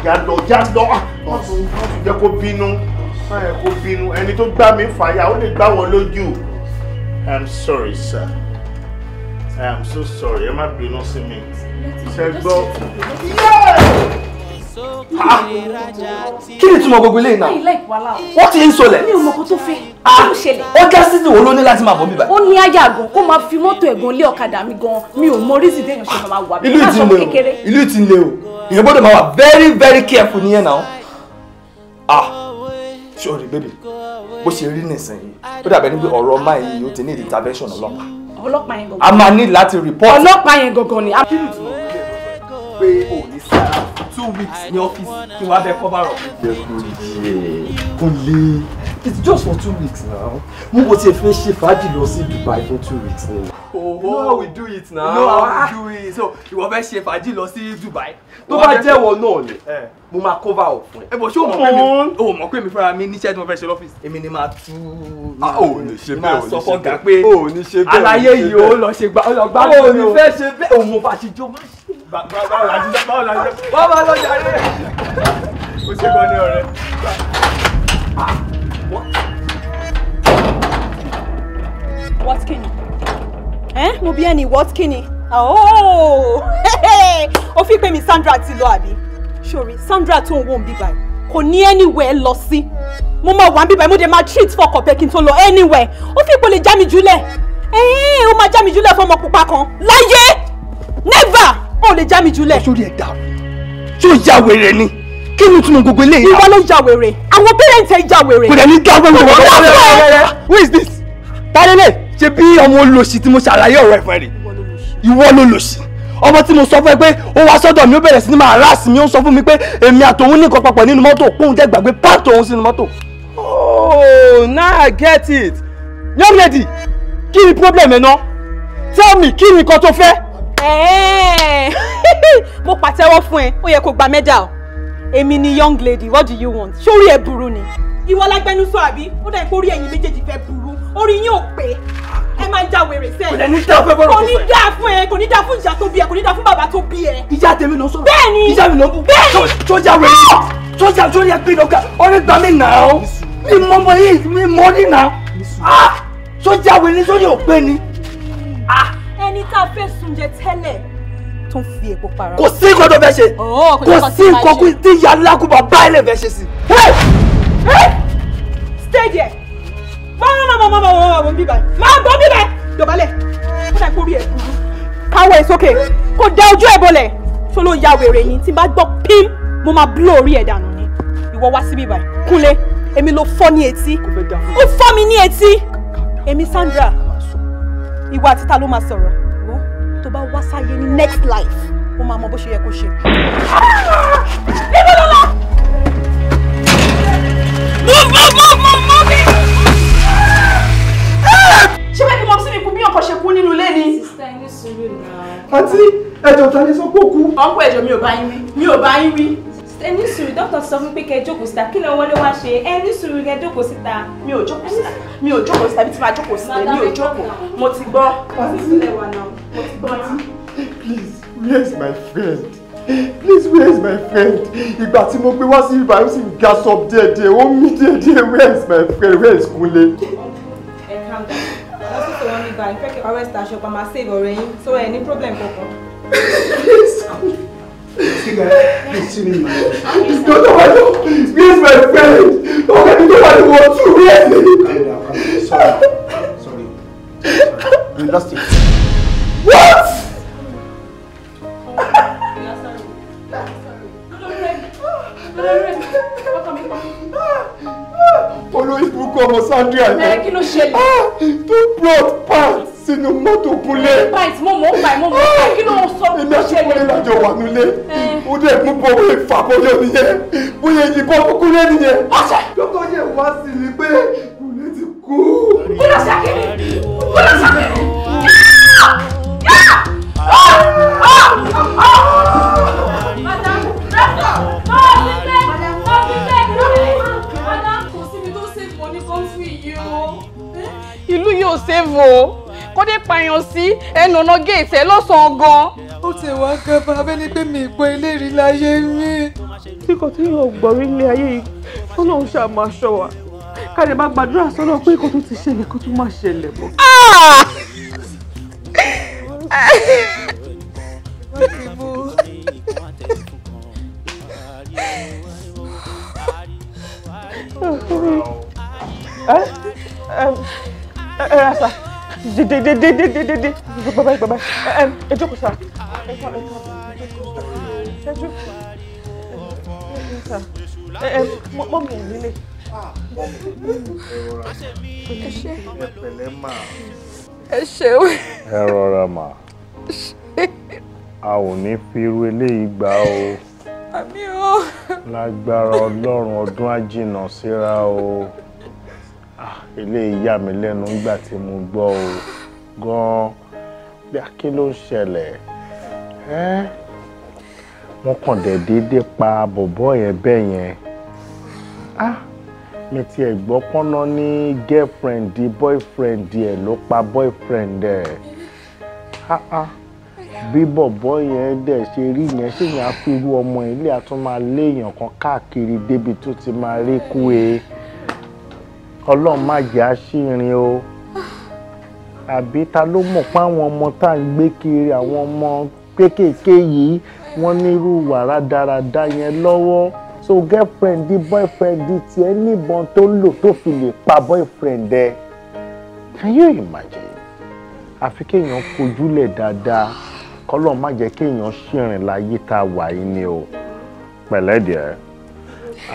jàdọ̀ jàdọ̀ ah, jẹ́ kó bínú kó bínú ẹni tó gbá mi fàyà ó lè gbá wọn lójú. I'm sorry sir I am so sorry ẹ má bínú sí mi ṣe gbọ́. Yeah! kí ni túmọ̀ gbogbo eléyìí náà wọ́n ti ń sọlẹ̀. mi ò mọ̀ kó tó fẹ́ ah, kí ló ṣẹlẹ̀. ó já sísìn wo ló ní láti máa bọ̀ mí báyìí. ó ní ajá gan kó máa fi mọ́tò ẹ̀gbọ́n lé ọ̀kadà mi gan mi ò mọ orí ìsìndéyàn ṣe máa wà bí ká kékeré. ìlú ti le o èèyàn gbọ́dọ̀ máa wà very very careful nìyẹn náà. ah sorry baby bó ṣe rí nísìnyí ó dàbẹ̀ níbi ọ̀rọ̀ máa yìí intervention ọlọ́pàá. ọlọ́pàá yẹn gangan. a máa ní láti report. ọlọ́pàá ni. kí ni ìtumọ̀ pé two weeks ní ọ́fíìsì kí wọ́n á bẹ kọ́ bàrọ̀. Kúnlé it's just for two weeks now We mo ti ẹ e fẹ́ ṣe fàájì lọ sí Dubai for two weeks now. Oh, you know how we do it now. You know how we do it. So you ìwọ fẹ́ ṣe fàájì lọ in Dubai. Tó bá jẹ́ ìwọ náà ni eh. mo máa cover up fún ẹ. Ẹ eh, bọ̀ ṣé o mọ̀ pé mi o mọ̀ pé mi fúnra mi níṣẹ́ tí mo fẹ́ ṣe lọ́fíìsì. Èmi ni màá tú. A ah, ò ní ṣe bẹ́ẹ̀ ò ní ṣe bẹ́ẹ̀. O ò ní ṣe bẹ́ẹ̀. Àlàyé yìí ó lọ ṣe gbá lọ gbá lórí o. O ò ní fẹ́ ṣe bẹ́ẹ̀. Òun ò bá ti jó má ṣe. Báwo la ti jẹ́ báwo la ti jẹ́ báwo la ti jẹ́. Báwo la ti jẹ́ what skinny? eh hmm. mo bi ẹni what skinny? oh Hey! fi pè mí Sandra ti lọ àbí sori Sandra tó ń wò ń bí báyìí anywhere lọ sí mo máa wà ń bí báyìí mo dé máa treat fọkàn pé kí n tó anywhere ó fi ipò lè já mi jùlẹ̀ ẹ̀ẹ́n eh, ó máa já mi pupa kan láyé never ó lè já mi jùlẹ̀. sórí ẹ̀ dàrú ṣó ya wèrè ni kí ni túnú gbogbo eléyìí. ìwọ ló ya wèrè àwọn parents ẹ ya wèrè. kò dẹ̀ ní já wèrè. kò who is this? tálẹ́lẹ̀ ṣe bí ọmọ olòṣì tí mo ṣàlàyé ọ̀rọ̀ ẹ̀fọ́ rẹ̀ ìwọ ló lòṣì ọmọ tí mo sọ fún ẹ pé ó wá sọ́dọ̀ mi ó bẹ̀rẹ̀ sí ní máa rà sí mi ó sọ fún mi pé èmi àtòun nìkan papọ̀ nínú mọ́tò kóun jẹ́ gbàgbé pààtò òun sínú mọ́tò. oh now i get it young lady kí ni problem ẹ ná tell me kí ni nǹkan tó fẹ́. mo pàtẹ́wọ́ fún ẹ ó yẹ kó gba medal èmi ni young lady what do you want ṣórí ẹ burú ni ìwọ lágbẹnusọ àbí ó dẹ̀ kórìí ẹ̀yin méjèèjì fẹ́ burú orí yín ò pé ẹ máa já wèrè sẹ́ẹ̀. kò ní dáa fẹ́ bọ́lọ̀ kò ní dáa fún ẹ kò ní dáa fún ìyá tó bí ẹ kò ní dáa fún bàbá tó bí ẹ. ìyá tèmi ló sọ̀rọ̀ bẹ́ẹ̀ ni mi ló bú bẹ́ẹ̀ tó já wèrè sọ tó já tó yẹ pé lọ́gà ọ̀rẹ́ gbà mí nà ó mi mọ mọ yìí mi mọ ní nà ah! Ah! tó já wèrè sórí òpé ni. Ah! ẹni tá a fẹ́ sùn jẹ tẹ́lẹ̀ tó ń fi epo para. kò sí nǹkan tó fẹ́ ṣe oh, kò sí nǹkan tí ìyá ńlá kú lè fẹ́ ṣe sí stay there máa máa máa máa máa máa bíbá máa gbọ́ bíbá dọ̀bálẹ̀ kó dàgbò rí ẹ̀ káwọ́ ẹ̀ sókè kó dá ojú ẹ̀ bọlẹ̀ tó ló ya wèrè ni tí n bá gbọ́ pín mo máa blow orí ẹ̀ dànù ni ìwọ wá sí bíbá kúnlẹ̀ èmi ló fọ́ ní etí ó fọ́ mi ní etí èmi Sandra ìwọ àti ta ló máa sọ̀rọ̀ ìwọ tó bá wá sáyé ní next life ó máa mọ bó ṣe yẹ kó ṣe. ibi ah! ló lọ. move move move. kò ṣe kú nínú ilé ni. àǹtí ẹ̀jọ̀ ta ni sọ pé ó kú. ọ̀pọ̀ ẹ̀jọ̀ mi ò bá yín wí mi ò bá yín wí. ẹ sùúrù dókítà sọ fún pé kẹ́ jókòó síta kí ló wọlé wá ṣe ẹ ní sùúrù kẹ́ jókòó síta. mi ò jókòó síta mi ò jókòó síta bí tí máa jókòó síta mi ò jókòó mo ti gbọ́. please where is my friend please where is my friend ìgbà tí mo gbé wá sí ibà yóò sì gas up díẹ̀díẹ̀ ó mí díẹ̀díẹ̀ where is my friend where is Kúnlé. ẹ calm down bá ìfẹ́ kí ọ̀rẹ́ ṣe àṣọpá máa save ọ̀rẹ́ yín so ẹ eh, ní problem kankan. my friend? don't want to go to where? Sorry, sorry. we lost it. mọ́tò ọmọ Sandra yẹn. ẹ kí ló ṣe lè. two blood pints sínú mọ́tò kúnlé. pints mo mọ̀ pa mo mọ̀ pa kí ló sọ ṣe lè. èmi àti kúnlé làjọ wà nílé. ó dẹ̀ mú bọ̀ wọ́n fà bọ́yọ̀ nìyẹn bóyá ìyìnbọn kúnlé nìyẹn. ọ̀sẹ̀. dókítà yẹn wá sí i pé kúnlé ti kú. kúnlé sàkíní kúnlé sàkíní. Oh! Oh! Oh! Oh! Madame, resta! Oh, save o kó dé pààyàn sí ẹnu ọ̀nà géètì ẹ lọ́sàn-án gan. ó ti wá gan bá abẹ́ni pé mi ìpò eléyìí láyé mi. tí kò tí yóò gbọ́rí ilé ayé yìí kó lóun ṣàmà ṣọ wa ká lè má gbàdúrà sọ́nà pé kó tó ti ṣẹlẹ̀ kó tó má ṣẹlẹ̀ mọ́. dédédédédédédé bàbá bàbá ẹ jókòó sá ẹ ká ẹ ká ẹ jókòó sá ẹ mọ mi nílé. ẹ ṣeun. ẹ rọra mà a ò ní fi irú eléyìí gbà o. àmì o. lágbára ọlọ́run ọdún á jìnnà síra o eléyìí ah, yà mí lẹ́nu nígbà tí mo gbọ́ o gan-an bí akí ló ń ṣẹlẹ̀ wọ́n kàn dẹ̀ déédéé pa bọ̀bọ́ yẹn bẹ́ẹ̀ yẹn ah, mi ti ẹ̀ gbọ́ pọ́nà ní girlfriend boyfriend ẹ̀ ló pa boyfriend ẹ̀ ah, bí bọ̀bọ́ yẹn dẹ̀ ṣe rí yẹn ṣé yẹn á fi irú ọmọ ilé àtún máa léèyàn kan káàkiri débi tó ti máa rí kú e ọlọ́run má jẹ́ àṣìrìn o àbí ta ló mọ̀ pé àwọn ọmọ tá à ń gbé kiri àwọn ọmọ kéékèèké yìí wọ́n nírú wàrà dáradá yẹn lọ́wọ́ so girlfriend di boyfriend di tiẹ̀ níbọn tó lò tó fi lè pa boyfriend ẹ can you imagine àfi kéèyàn kojúlẹ̀ dáadáa kọ́lọ́ má jẹ́ kéèyàn ṣìrìn láyé tá a wà yìí ni o pẹ̀lẹ́ díẹ̀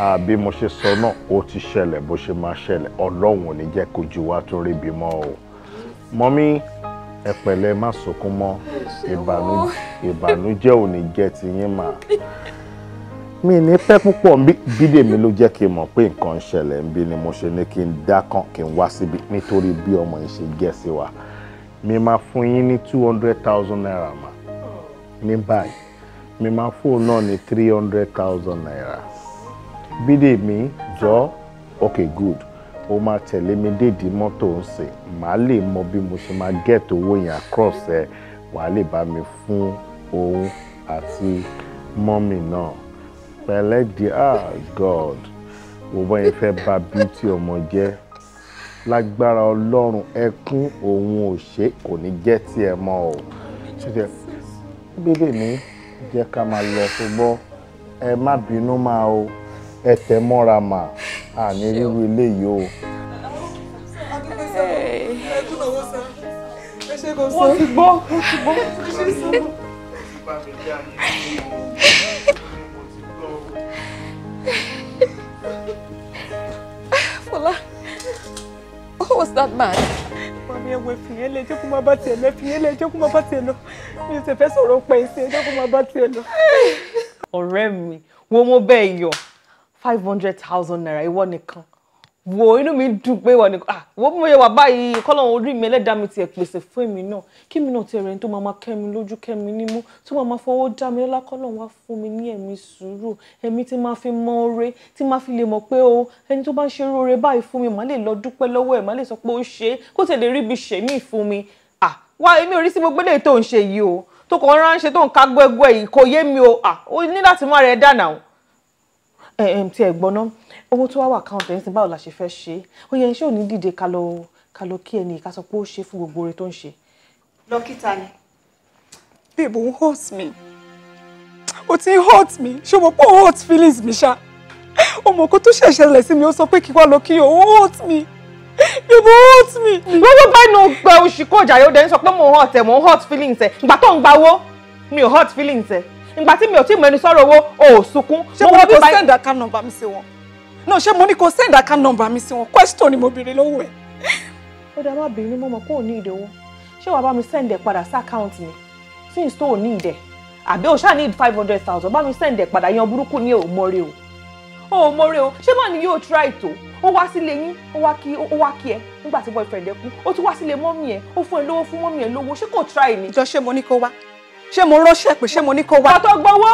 àbí mo ṣe sọ náà ó ti ṣẹlẹ̀ bó ṣe máa ṣẹlẹ̀ ọlọ́run ò ní jẹ́ kojú wa tó rí bímọ o mọ́mí ẹ pẹ̀lẹ́ má sunkún mọ́ ìbànújẹ́ ò ní jẹ́ ti yín mà mi ní pẹ́ púpọ̀ bídèmi ló jẹ́ kí n mọ̀ pé nǹkan ń ṣẹlẹ̀ ń bí ni mo ṣe ní kí n dákàn kí n wá síbi nítorí bí ọmọ yìí ṣe gẹ̀ sí wa mi máa fún yín ní two hundred thousand naira mà ní báyìí mi máa fún un náà ní three hundred thousand naira. Bídèmí jọ ok good o máa tẹ̀lé mi déèdì mọ́tò ń sè màá lè mọ bí mo ṣe máa get owó yẹn across ẹ wàá lè bá mi fún òun àti mọ́mì náà pẹ̀lẹ́ di ah god òun yẹn fẹ́ bà bíútì ọmọ jẹ́ lágbára ọlọ́run ẹkún òun ò ṣe kò ní jẹ́ tiẹ̀ mọ́ o Bídèmí jẹ́ ká máa lọ ṣùgbọ́n ẹ má bínú máa o ẹ tẹ mọ́ra mà àní rírú eléyìí o. wọ́n ti gbọ́ wọ́n ti gbọ́ Fola, what was that man? Mami ẹ wo ìfìyẹn lé ẹjọ́ kó máa bá tiẹ̀ lọ, ìfìyẹn lé ẹjọ́ kó máa bá tiẹ̀ lọ. Mi ò sì fẹ́ sọ̀rọ̀ pẹ̀ sí ẹjọ́ kó máa bá tiẹ̀ lọ. Ọ̀rẹ́ mi, wo mo bẹ́ẹ̀ yọ̀ five hundred thousand naira ìwọ nìkan wo inú mi dùn pé ìwọ nìkan ah, wo bí mo yẹ wà báyìí kọ́lọ́run orí mi ẹlẹ́dàá mi tiẹ̀ pèsè fún èmi náà kí mi náà tiẹ̀ rẹ̀ tó máa kẹ́mi lójú kẹ́mi nímú tó máa fọwọ́ dá mi lọ́lá kọ́lọ́run wá fún mi ní ẹ̀mí sùúrù ẹ̀mí tí máa fi mọ oore tí máa fi lè mọ̀ pé o ẹni tó bá ń ṣe oore báyìí fún mi màá lè lọ dúpẹ́ lọ́wọ́ ẹ̀ màá lè sọ pé ó ṣe é kó tẹ̀lé rí ibi ṣèmí fún mi ah wá èmi ò rí sí gbogbo eléyìí tó ń ṣe yìí o tó kàn ń ránṣẹ́ tó ń ká gbẹ́gbẹ́ yìí kò yé mi o ah o ní láti má rẹ̀ dànà o Eh, tí ẹ gbọ́ná owó tó wá wà káwọn tẹ̀yìn sí báwo la ṣe fẹ́ ṣe ó yẹ iṣẹ́ òní dìde ká lọ ká lọ kí ẹnì ká sọ pé ó ṣe fún gbogbo oore tó ń ṣe. dókítà ni. babe òun hurt me o ti hurt me ṣé o mọ̀ pé o hurt feelings mi ṣá o mọ̀ kó tó ṣẹ̀ṣẹ̀ lẹ̀ sí mi ó sọ pé kí wá lọ kí o hurt me babe o hurt me. lọ́jọ́ báyìí ni o gbẹ oṣù kọjá yóò dẹ́n sọ pé mo hurt ẹ̀ mo hurt feelings ẹ̀ ìgbà tó ń gbawó mi ò hurt feelings ẹ̀ ìgbà tí mi ò tí mọ ẹni sọ̀rọ̀ owó o ò sunkún. ṣé mo ní kò send account number mi sí wọn náà ṣé mo ní kò send account number mi sí wọn question ni mo béèrè lọ́wọ́ ẹ̀. ó dá má bínú mọ́mọ́ kó o ní ìdòwò ṣé wàá bá mi send ẹ̀ padà sí account mi since tó o ní ìdẹ̀ àbí o ṣáà need five hundred thousand bá mi send ẹ̀ padà yan burúkú ni ò mọ́re o ò mọ́re o ṣé má ni yóò try tó ó wá sílé yín ó wá kí ó wá kí ẹ nígbà tí boyfriend ẹ kú ó tún wá sílé mọ́mì ẹ ó fún ẹ lówó fún mọ́mì ẹ lówó ṣé kò try ni. jọ ṣé mo ní kó wá ṣé mo ránṣẹ́ pé ṣé mo ní kó wá. ọ̀tọ̀ gbowó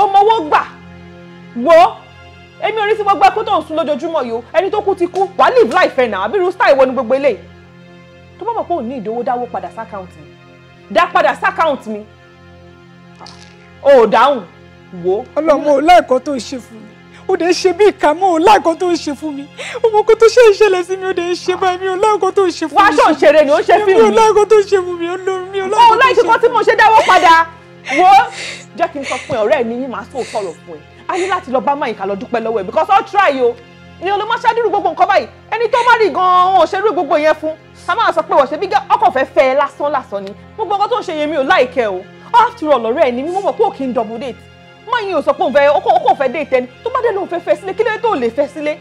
ó mọwó gbà wo èmi orí sí gbogbo ẹkún tó ń sun lójoojúmọ́ yìí o ẹni tó kú ti kú wàá live life ẹ̀ nà àbí rústa ìwọ ni gbogbo eléyìí tó bá mọ̀ pé ò ní ìdówó dáwó padà sákàùntì mi dá padà sákàùntì mi ò dáhùn wò. ọlọ́mọ ò láìkọ́ tó ṣe fún mi ó dẹ̀ ṣe bí ìka mọ́ ò láìkọ́ tó ṣe fún mi ọmọ kó tó ṣe ìṣẹ̀lẹ̀ sí mi ó dẹ̀ ṣe báyìí mi ò láìkọ́ tó ṣe fún mi. wáṣọ ìṣeré ni ó ṣe fíìmù o láìsí kan tí mo ṣe dáwọ́ padà wo jẹ́ kí n sọ fún ẹ ọ̀rẹ́ mi yín máa sọ sọ̀rọ̀ fún ẹ a ní láti lọ bá máa ìkà lọ dúpẹ́ lọ́wọ́ ẹ because all try o ni olùmọ ṣáàdúrú gbogbo nǹkan báyìí ẹni tó má rí gan-an òun ò ṣe rú gbogbo yẹn fún ká máa sọ pé wọ́n ṣe bí ọkọ̀ fẹ́ fẹ́ lásán lásán ni gbogbo nǹkan tó ń ṣe yẹn mi ò láìkẹ́ o after all ọ̀rẹ́ ẹ ni mi mọ̀ pé òkè ń double date má yín ò sọ pé òun fẹ́ ọkọ̀ òkọ̀ fẹ́ date ẹni tó bá dé lóun fẹ́ fẹ́ sílé kí lóye tó lè fẹ́ sílé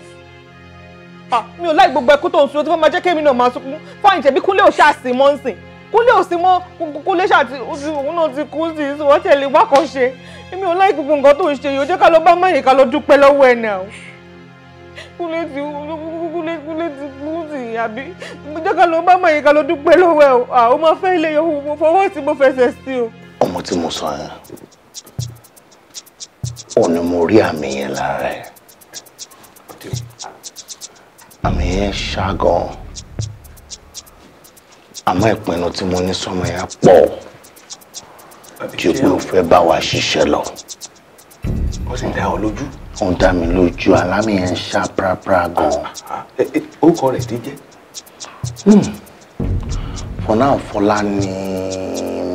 ah, mi ò láì gbogbo ẹkú tó ń sun tó fẹ́ máa jẹ́ kémi náà máa sunkún fáyìn tẹ̀bí kúnlé ò ṣáà sí mọ́ǹsìn kúnlé ò sí mọ́ kúnlé ṣàti òun náà ti kú sí ìṣòwò tẹ̀lé wákọ̀ ṣe èmi ò láì gbogbo nǹkan tó ń ṣe yìí ó jẹ́ ká lọ bá mọ̀yìn ká lọ dúpẹ́ lọ́wọ́ ẹ̀ náà kúnlé ti kúnlé kúnlé ti kú sí àbí ó jẹ́ ká lọ bá mọ̀yìn ká lọ dúpẹ́ lọ́wọ́ ẹ̀ ó máa fẹ́ ilé yòówù mo fọwọ́ sí mo fẹsẹ̀ sí o. ọmọ tí mo sọ yẹn ò ní mo rí àmì yẹn lára ẹ àmì yẹn ṣá gan-an àmọ́ ìpinnu tí mo ní sọ́mọ yẹn pọ̀ ju pé o fẹ́ bá wa ṣiṣẹ́ lọ. ó sì ń dá ọ lójú. ó ń dá mi lójú alámì yẹn ń ṣá prapra gan-an. ó kọ rẹ̀ díjẹ́. Hmm. fọlá fọlá ni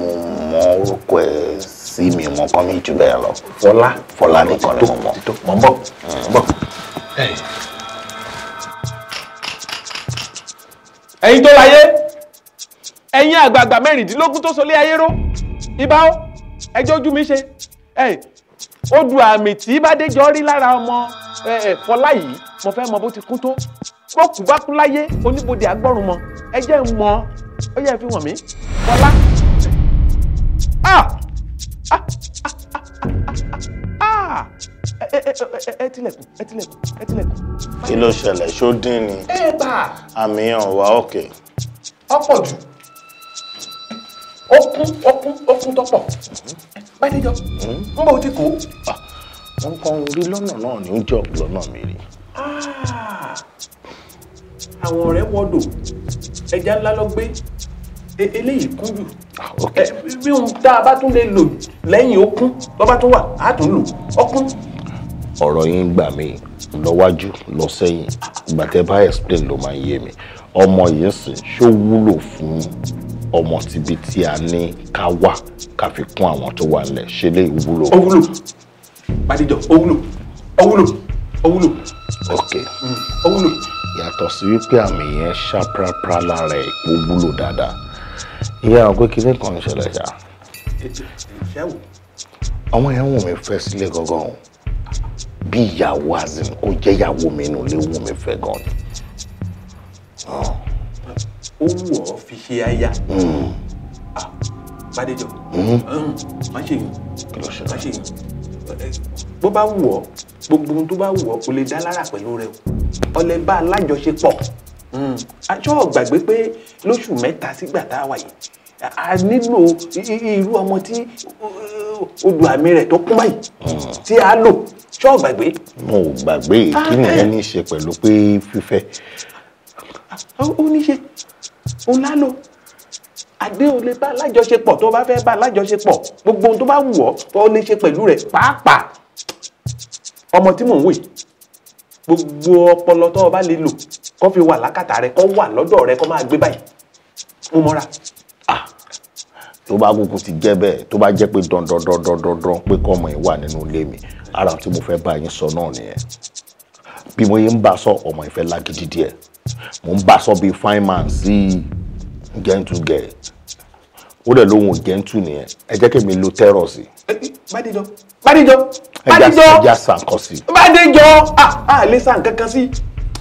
mo mọ orúkọ ẹ̀ sí mi mọ kọ́ mi jù bẹ́ẹ̀ lọ. fọlá fọlá nìkan ni mo mọ. mọ̀ ń bọ̀ ń tó láyé ẹ̀yin àgbààgbà mẹ́rìndínlógún tó sọlé ayé ró ibà ó ẹjọ́ ojú mi ṣe odù àmì tí bàdéjọ rí lára ọmọ fọlá yìí mo fẹ́ mọ bó ti kú tó bókù bá kú láyé oníbodè agbọ́rùn mọ ẹ jẹ́ ń mọ ó yẹ fi wọ̀n mí fọlá. Ah! Ah! Ah! Eh, eh, eh, ẹ tilẹ̀kùn ẹ tilẹ̀kùn ẹ tilẹ̀kùn. kí ló ṣẹlẹ̀ ṣó dín ni àmì ọ̀wá òkè. ọ̀pọ̀ jù ó kún ó kún ó kún tọ́pọ̀ bàdéjọ ń bọ̀ ó ti kó. Ah, wọn kọ orí lọ́nà náà ní oúnjẹ lọ́nà mi rí. Ah, àwọn ọ̀rẹ́ wọ́dọ̀ ẹja ńlá lọ gbé e, eléyìí kún jù ah, eh, bí ohun tá a bá tún lè lò lẹ́yìn ó kún lọ́ba tó wà á tún lò ó kún. ọ̀rọ̀ yín gbà mí lọ́wájú lọ sẹ́yìn ìgbà tẹ́ bá explain ló máa ń yé mi ọmọ yìí ń ṣó wúlò fún ọmọ síbi tí a ní ká wá ká fi kún àwọn tó wà nílẹ̀ ṣe lè wúlò. ó wúlò pàdéjọ ó wúlò ó wúlò ó wúlò. ok mm, ó wúlò. yàtọ̀ sí wípé àmì yẹn ṣàprápra lára ẹ̀ kó wúlò dáadáa ìyá àwọn pé kinní kan ń ṣẹlẹ̀ ṣá. ọmọ yẹn wù mí fẹ́ sílé gangan o bí ìyàwó azin kó jẹ́ ìyàwó mi nù lé wù mí fẹ́ gan ni ó wù ọ́ fi ṣe aya hmm. bàdéjọ hmm. hmm, má ṣe yìí má ṣe yìí bó bá wù ọ́ gbogbo ohun tó bá wù ọ́ kò lè dá lára pẹ̀lú rẹ o ọlẹ bá alájọṣepọ̀ àjọ gbàgbé pé lóṣù mẹ́ta sígbà tá a wà yìí a nílò irú ọmọ tí odò àmì rẹ̀ tó kún báyìí tí a lò ṣọ gbàgbé. mo ò gbàgbé kí nìyẹn ah, eh. ní í ṣe pẹ̀lú pé fífẹ́. ó ní ṣe òun lálò àdé ò lè bá alájọṣepọ̀ tó bá fẹ́ bá alájọṣepọ̀ gbogbo ohun tó bá wù ọ́ tó lè ṣe pẹ̀lú rẹ̀ pàápàá ọmọ tí mò ń wè gbogbo ọpọlọ tó o bá lè lò kó fi wà lákàtà rẹ kó wà lọ́dọ̀ rẹ kó máa gbé báyìí mo mọ́ra. Ah, tó bá kúkú ti jẹ́ bẹ́ẹ̀ tó bá jẹ́ pé dandan dandan dandan pé kọ́mọ yìí wà nínú ilé mi ara tí mo fẹ́ bá yín sọ náà nìyẹn bí mo yé bá sọ ọmọ ìfẹ́ lágídí díẹ̀ mo ń bá sọ bíi fine man sí gentu girl ó dẹ̀ lóhùn gentle nìyẹn ẹ jẹ́ kí mi lo terror sí. bàdéjọ bàdéjọ bàdéjọ ẹ já sànkọ sí. bàdéjọ a lè sa nǹkan kan sí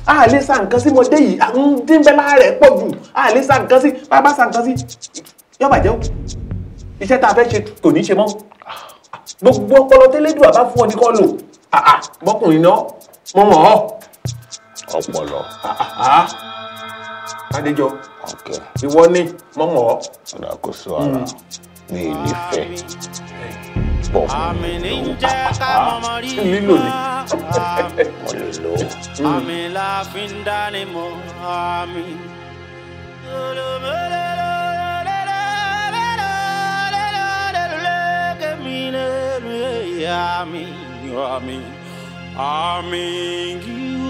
a lè sa nǹkan sí mọdé yìí àwọn dínbẹ́lá rẹ̀ pọ̀ jù a lè sa nǹkan sí bàbá sa nǹkan sí yóò bàjẹ́ o iṣẹ́ tá a fẹ́ ṣe kò ní ṣe mọ́ gbogbo ọpọlọ tẹ́lẹ́dùn àbá fún ọ ní kọ́ lò bọ́kùnrin náà mo mọ̀ ọ́ ọpọlọ. Ah, ah, ah. adéjọ ìwọ ni mọ́mọ́ ọ. ọ̀dà kò sọ ara hmm. ní ilé fẹ́ bọ̀ mi lò lílò ni mo lè lò hmm. àmì la fi ń dání mọ́ àmì. Ami, ami, ami, ami,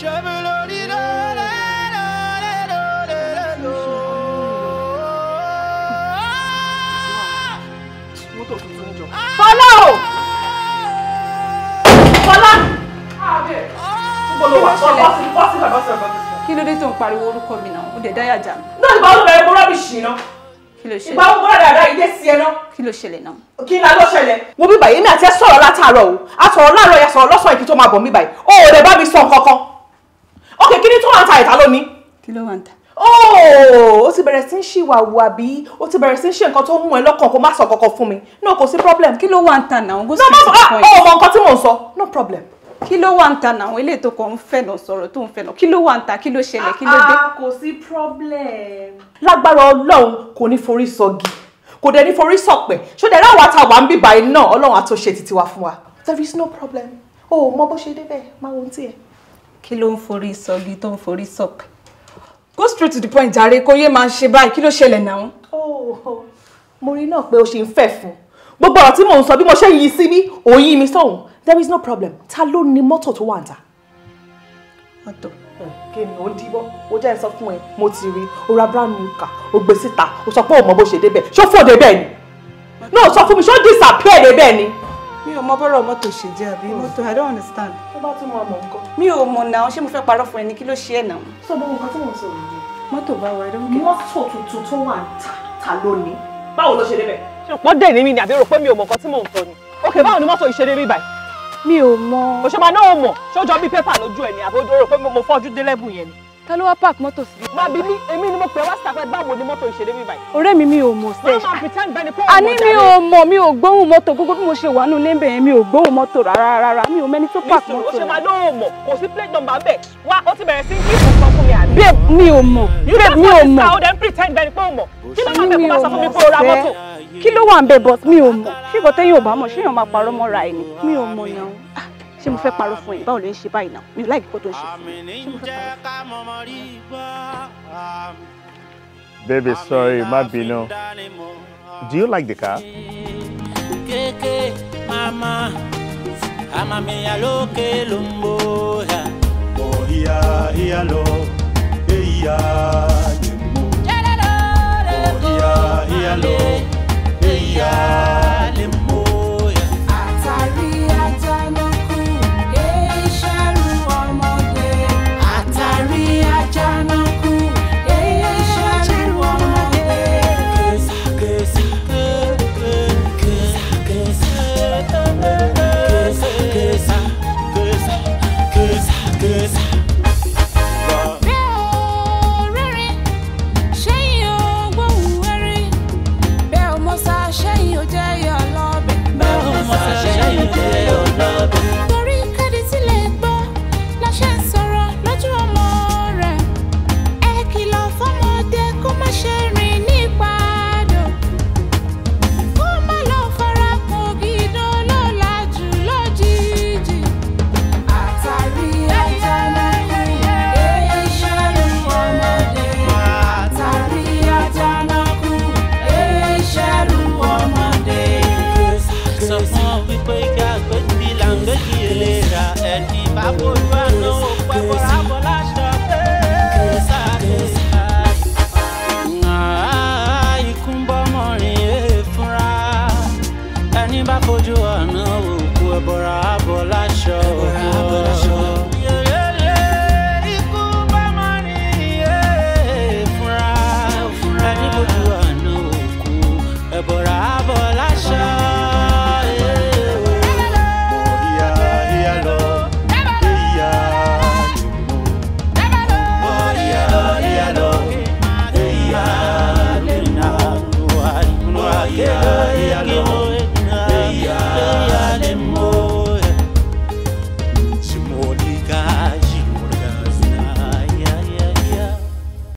Fọlá o! Fọlá! Kí ló dé tó ń pariwo orúkọ mi náà? Ó dẹ̀ dáyà jà mí. Náà ìgbà olùbẹ̀rẹ̀ epo rọ́bìṣì náà. Kí ló ṣẹlẹ̀? Ìgbà olùbẹ̀rẹ̀ bọ́lá dáadáa ilé sí ẹ náà. Kí ló ṣẹlẹ̀ náà? Kí ni alọ́ ṣẹlẹ̀? Wo bí bàyẹ̀ mi àti ẹ sọ̀rọ̀ látàárọ̀ o. A sọ̀rọ̀ láàárọ̀ yẹn sọ̀rọ̀ lọ́sàn-án ìkí tó máa bọ̀ mí báyìí. O ò lè bá mi sọ nǹkan kan ok kí ni tó wà ń ta ìta lónìí. kí ló wà ń ta. ooo oh, o ti bẹ̀rẹ̀ sí ń ṣìwàwù àbí o ti bẹ̀rẹ̀ sí ń ṣe nǹkan tó mú ẹ lọ́kàn kó má sọ kankan fún mi no kò sí problem. kí ló wà ń ta náà. no ma ọ ah, mọ nǹkan tí mò ń sọ no problem kí ló wà ń ta náà àwọn eléyìí tó kàn ń fẹ̀nà sọ̀rọ̀ tó ń fẹ̀nà kí ló wà ń ta kí ló ṣẹlẹ̀ kí ló dé. Ah, ah, kò sí problem. lágbára ọlọ́run kò ní forí sọgi kò dẹ̀ ní forí sọ̀pẹ̀ ṣó dẹ̀ láwọn àtàwà ń bíbá iná ọlọ́run àtúnṣe títí fún wa. there is no problem o mọ bó ṣe débẹ̀ máa wo ohun tí ẹ kí ló ń forí sọgi tó ń forí sọpẹ. go straight to the point jàre kó yé máa ṣe báyìí kí ló ṣẹlẹ̀ náà. Oh, mo rí náà pé o ṣe ń fẹ́ fún gbogbo ọ̀rọ̀ tí mò ń sọ bí mo ṣe yí sí mi òyìn mi sọ̀hún there is no problem ta ló ní mọ́tò tó wà ń ta. mọ́tò kí ni ó ń díbọ́ ó jẹ́ sọ fún ẹ mo ti rí o ra brand new car o gbé síta o sọ pé o mọ bó ṣe débẹ̀ ṣó fò débẹ̀ ni no sọ fún mi ṣó disappear débẹ̀ ni mi ò mọ bọ́rọ̀ mọ́tò ṣe jẹ́ àbí oh. mọ́tò i don't understand. tó bá tún mọ ọmọ nǹkan. mi ò mọ náà ṣé mo fẹ́ parọ́ fún ẹni kí ló ṣe ẹ̀ náà. sọ bọ́ nǹkan mo sọ yìí. mọ́tò bá wa i don't care. mọ́tò tuntun tó wà ta ta lónìí báwo ló ṣe débẹ̀. ṣùpọ́n dẹ̀ ní mi ni àbí rò pé mi ò mọ nǹkan tí mò ń ni. ok báwo ni mọ́tò ìṣeré rí báyìí. mi ò mọ. òṣèlú náà mọ̀ ṣó jọ bí pépà lójú ẹ̀ ni àbí ó dúró pé mo fọ́jú délẹ́bù yẹn ni ta ló wá park mọ́tò sí. bàbí mi èmi ni mo pè wá sàfẹ́ báwo ni mọ́tò ìṣeré mi báyìí. ọ̀rẹ́ mi mi ò mọ̀ ṣe. wọ́n máa fi tán ìbẹ́ni pé òun mọ̀ jáde. àní mi ò mọ̀ mi ò gbóhùn mọ́tò gbogbo bí mo ṣe wà nù lẹ́ńbẹ̀ mi ò gbóhùn mọ́tò rárá rárá mi ò mẹ́ni tó park mọ́tò. nísìnyí ó ṣe máa ló mọ̀ kò sí plate number bẹ́ẹ̀ wá ó ti bẹ̀rẹ̀ sí ní ìfọ̀sán mi àná. babe mi ò mọ̀ babe mi ò mọ̀ ṣé mo fẹ́ parọ́ fún ẹ báwo ló ń ṣe báyìí náà mi ò láì kíkọ́ tó ń ṣe fún mi ṣé mo fẹ́ parọ́ baby sorry má bínú do you like the car. kéèké mama àmà mi àlókè ló ń bò ya. ọ̀ ìyá ìyá lọ èyíyá lè mú. ọ̀ ìyá ìyá lọ èyíyá lè mú.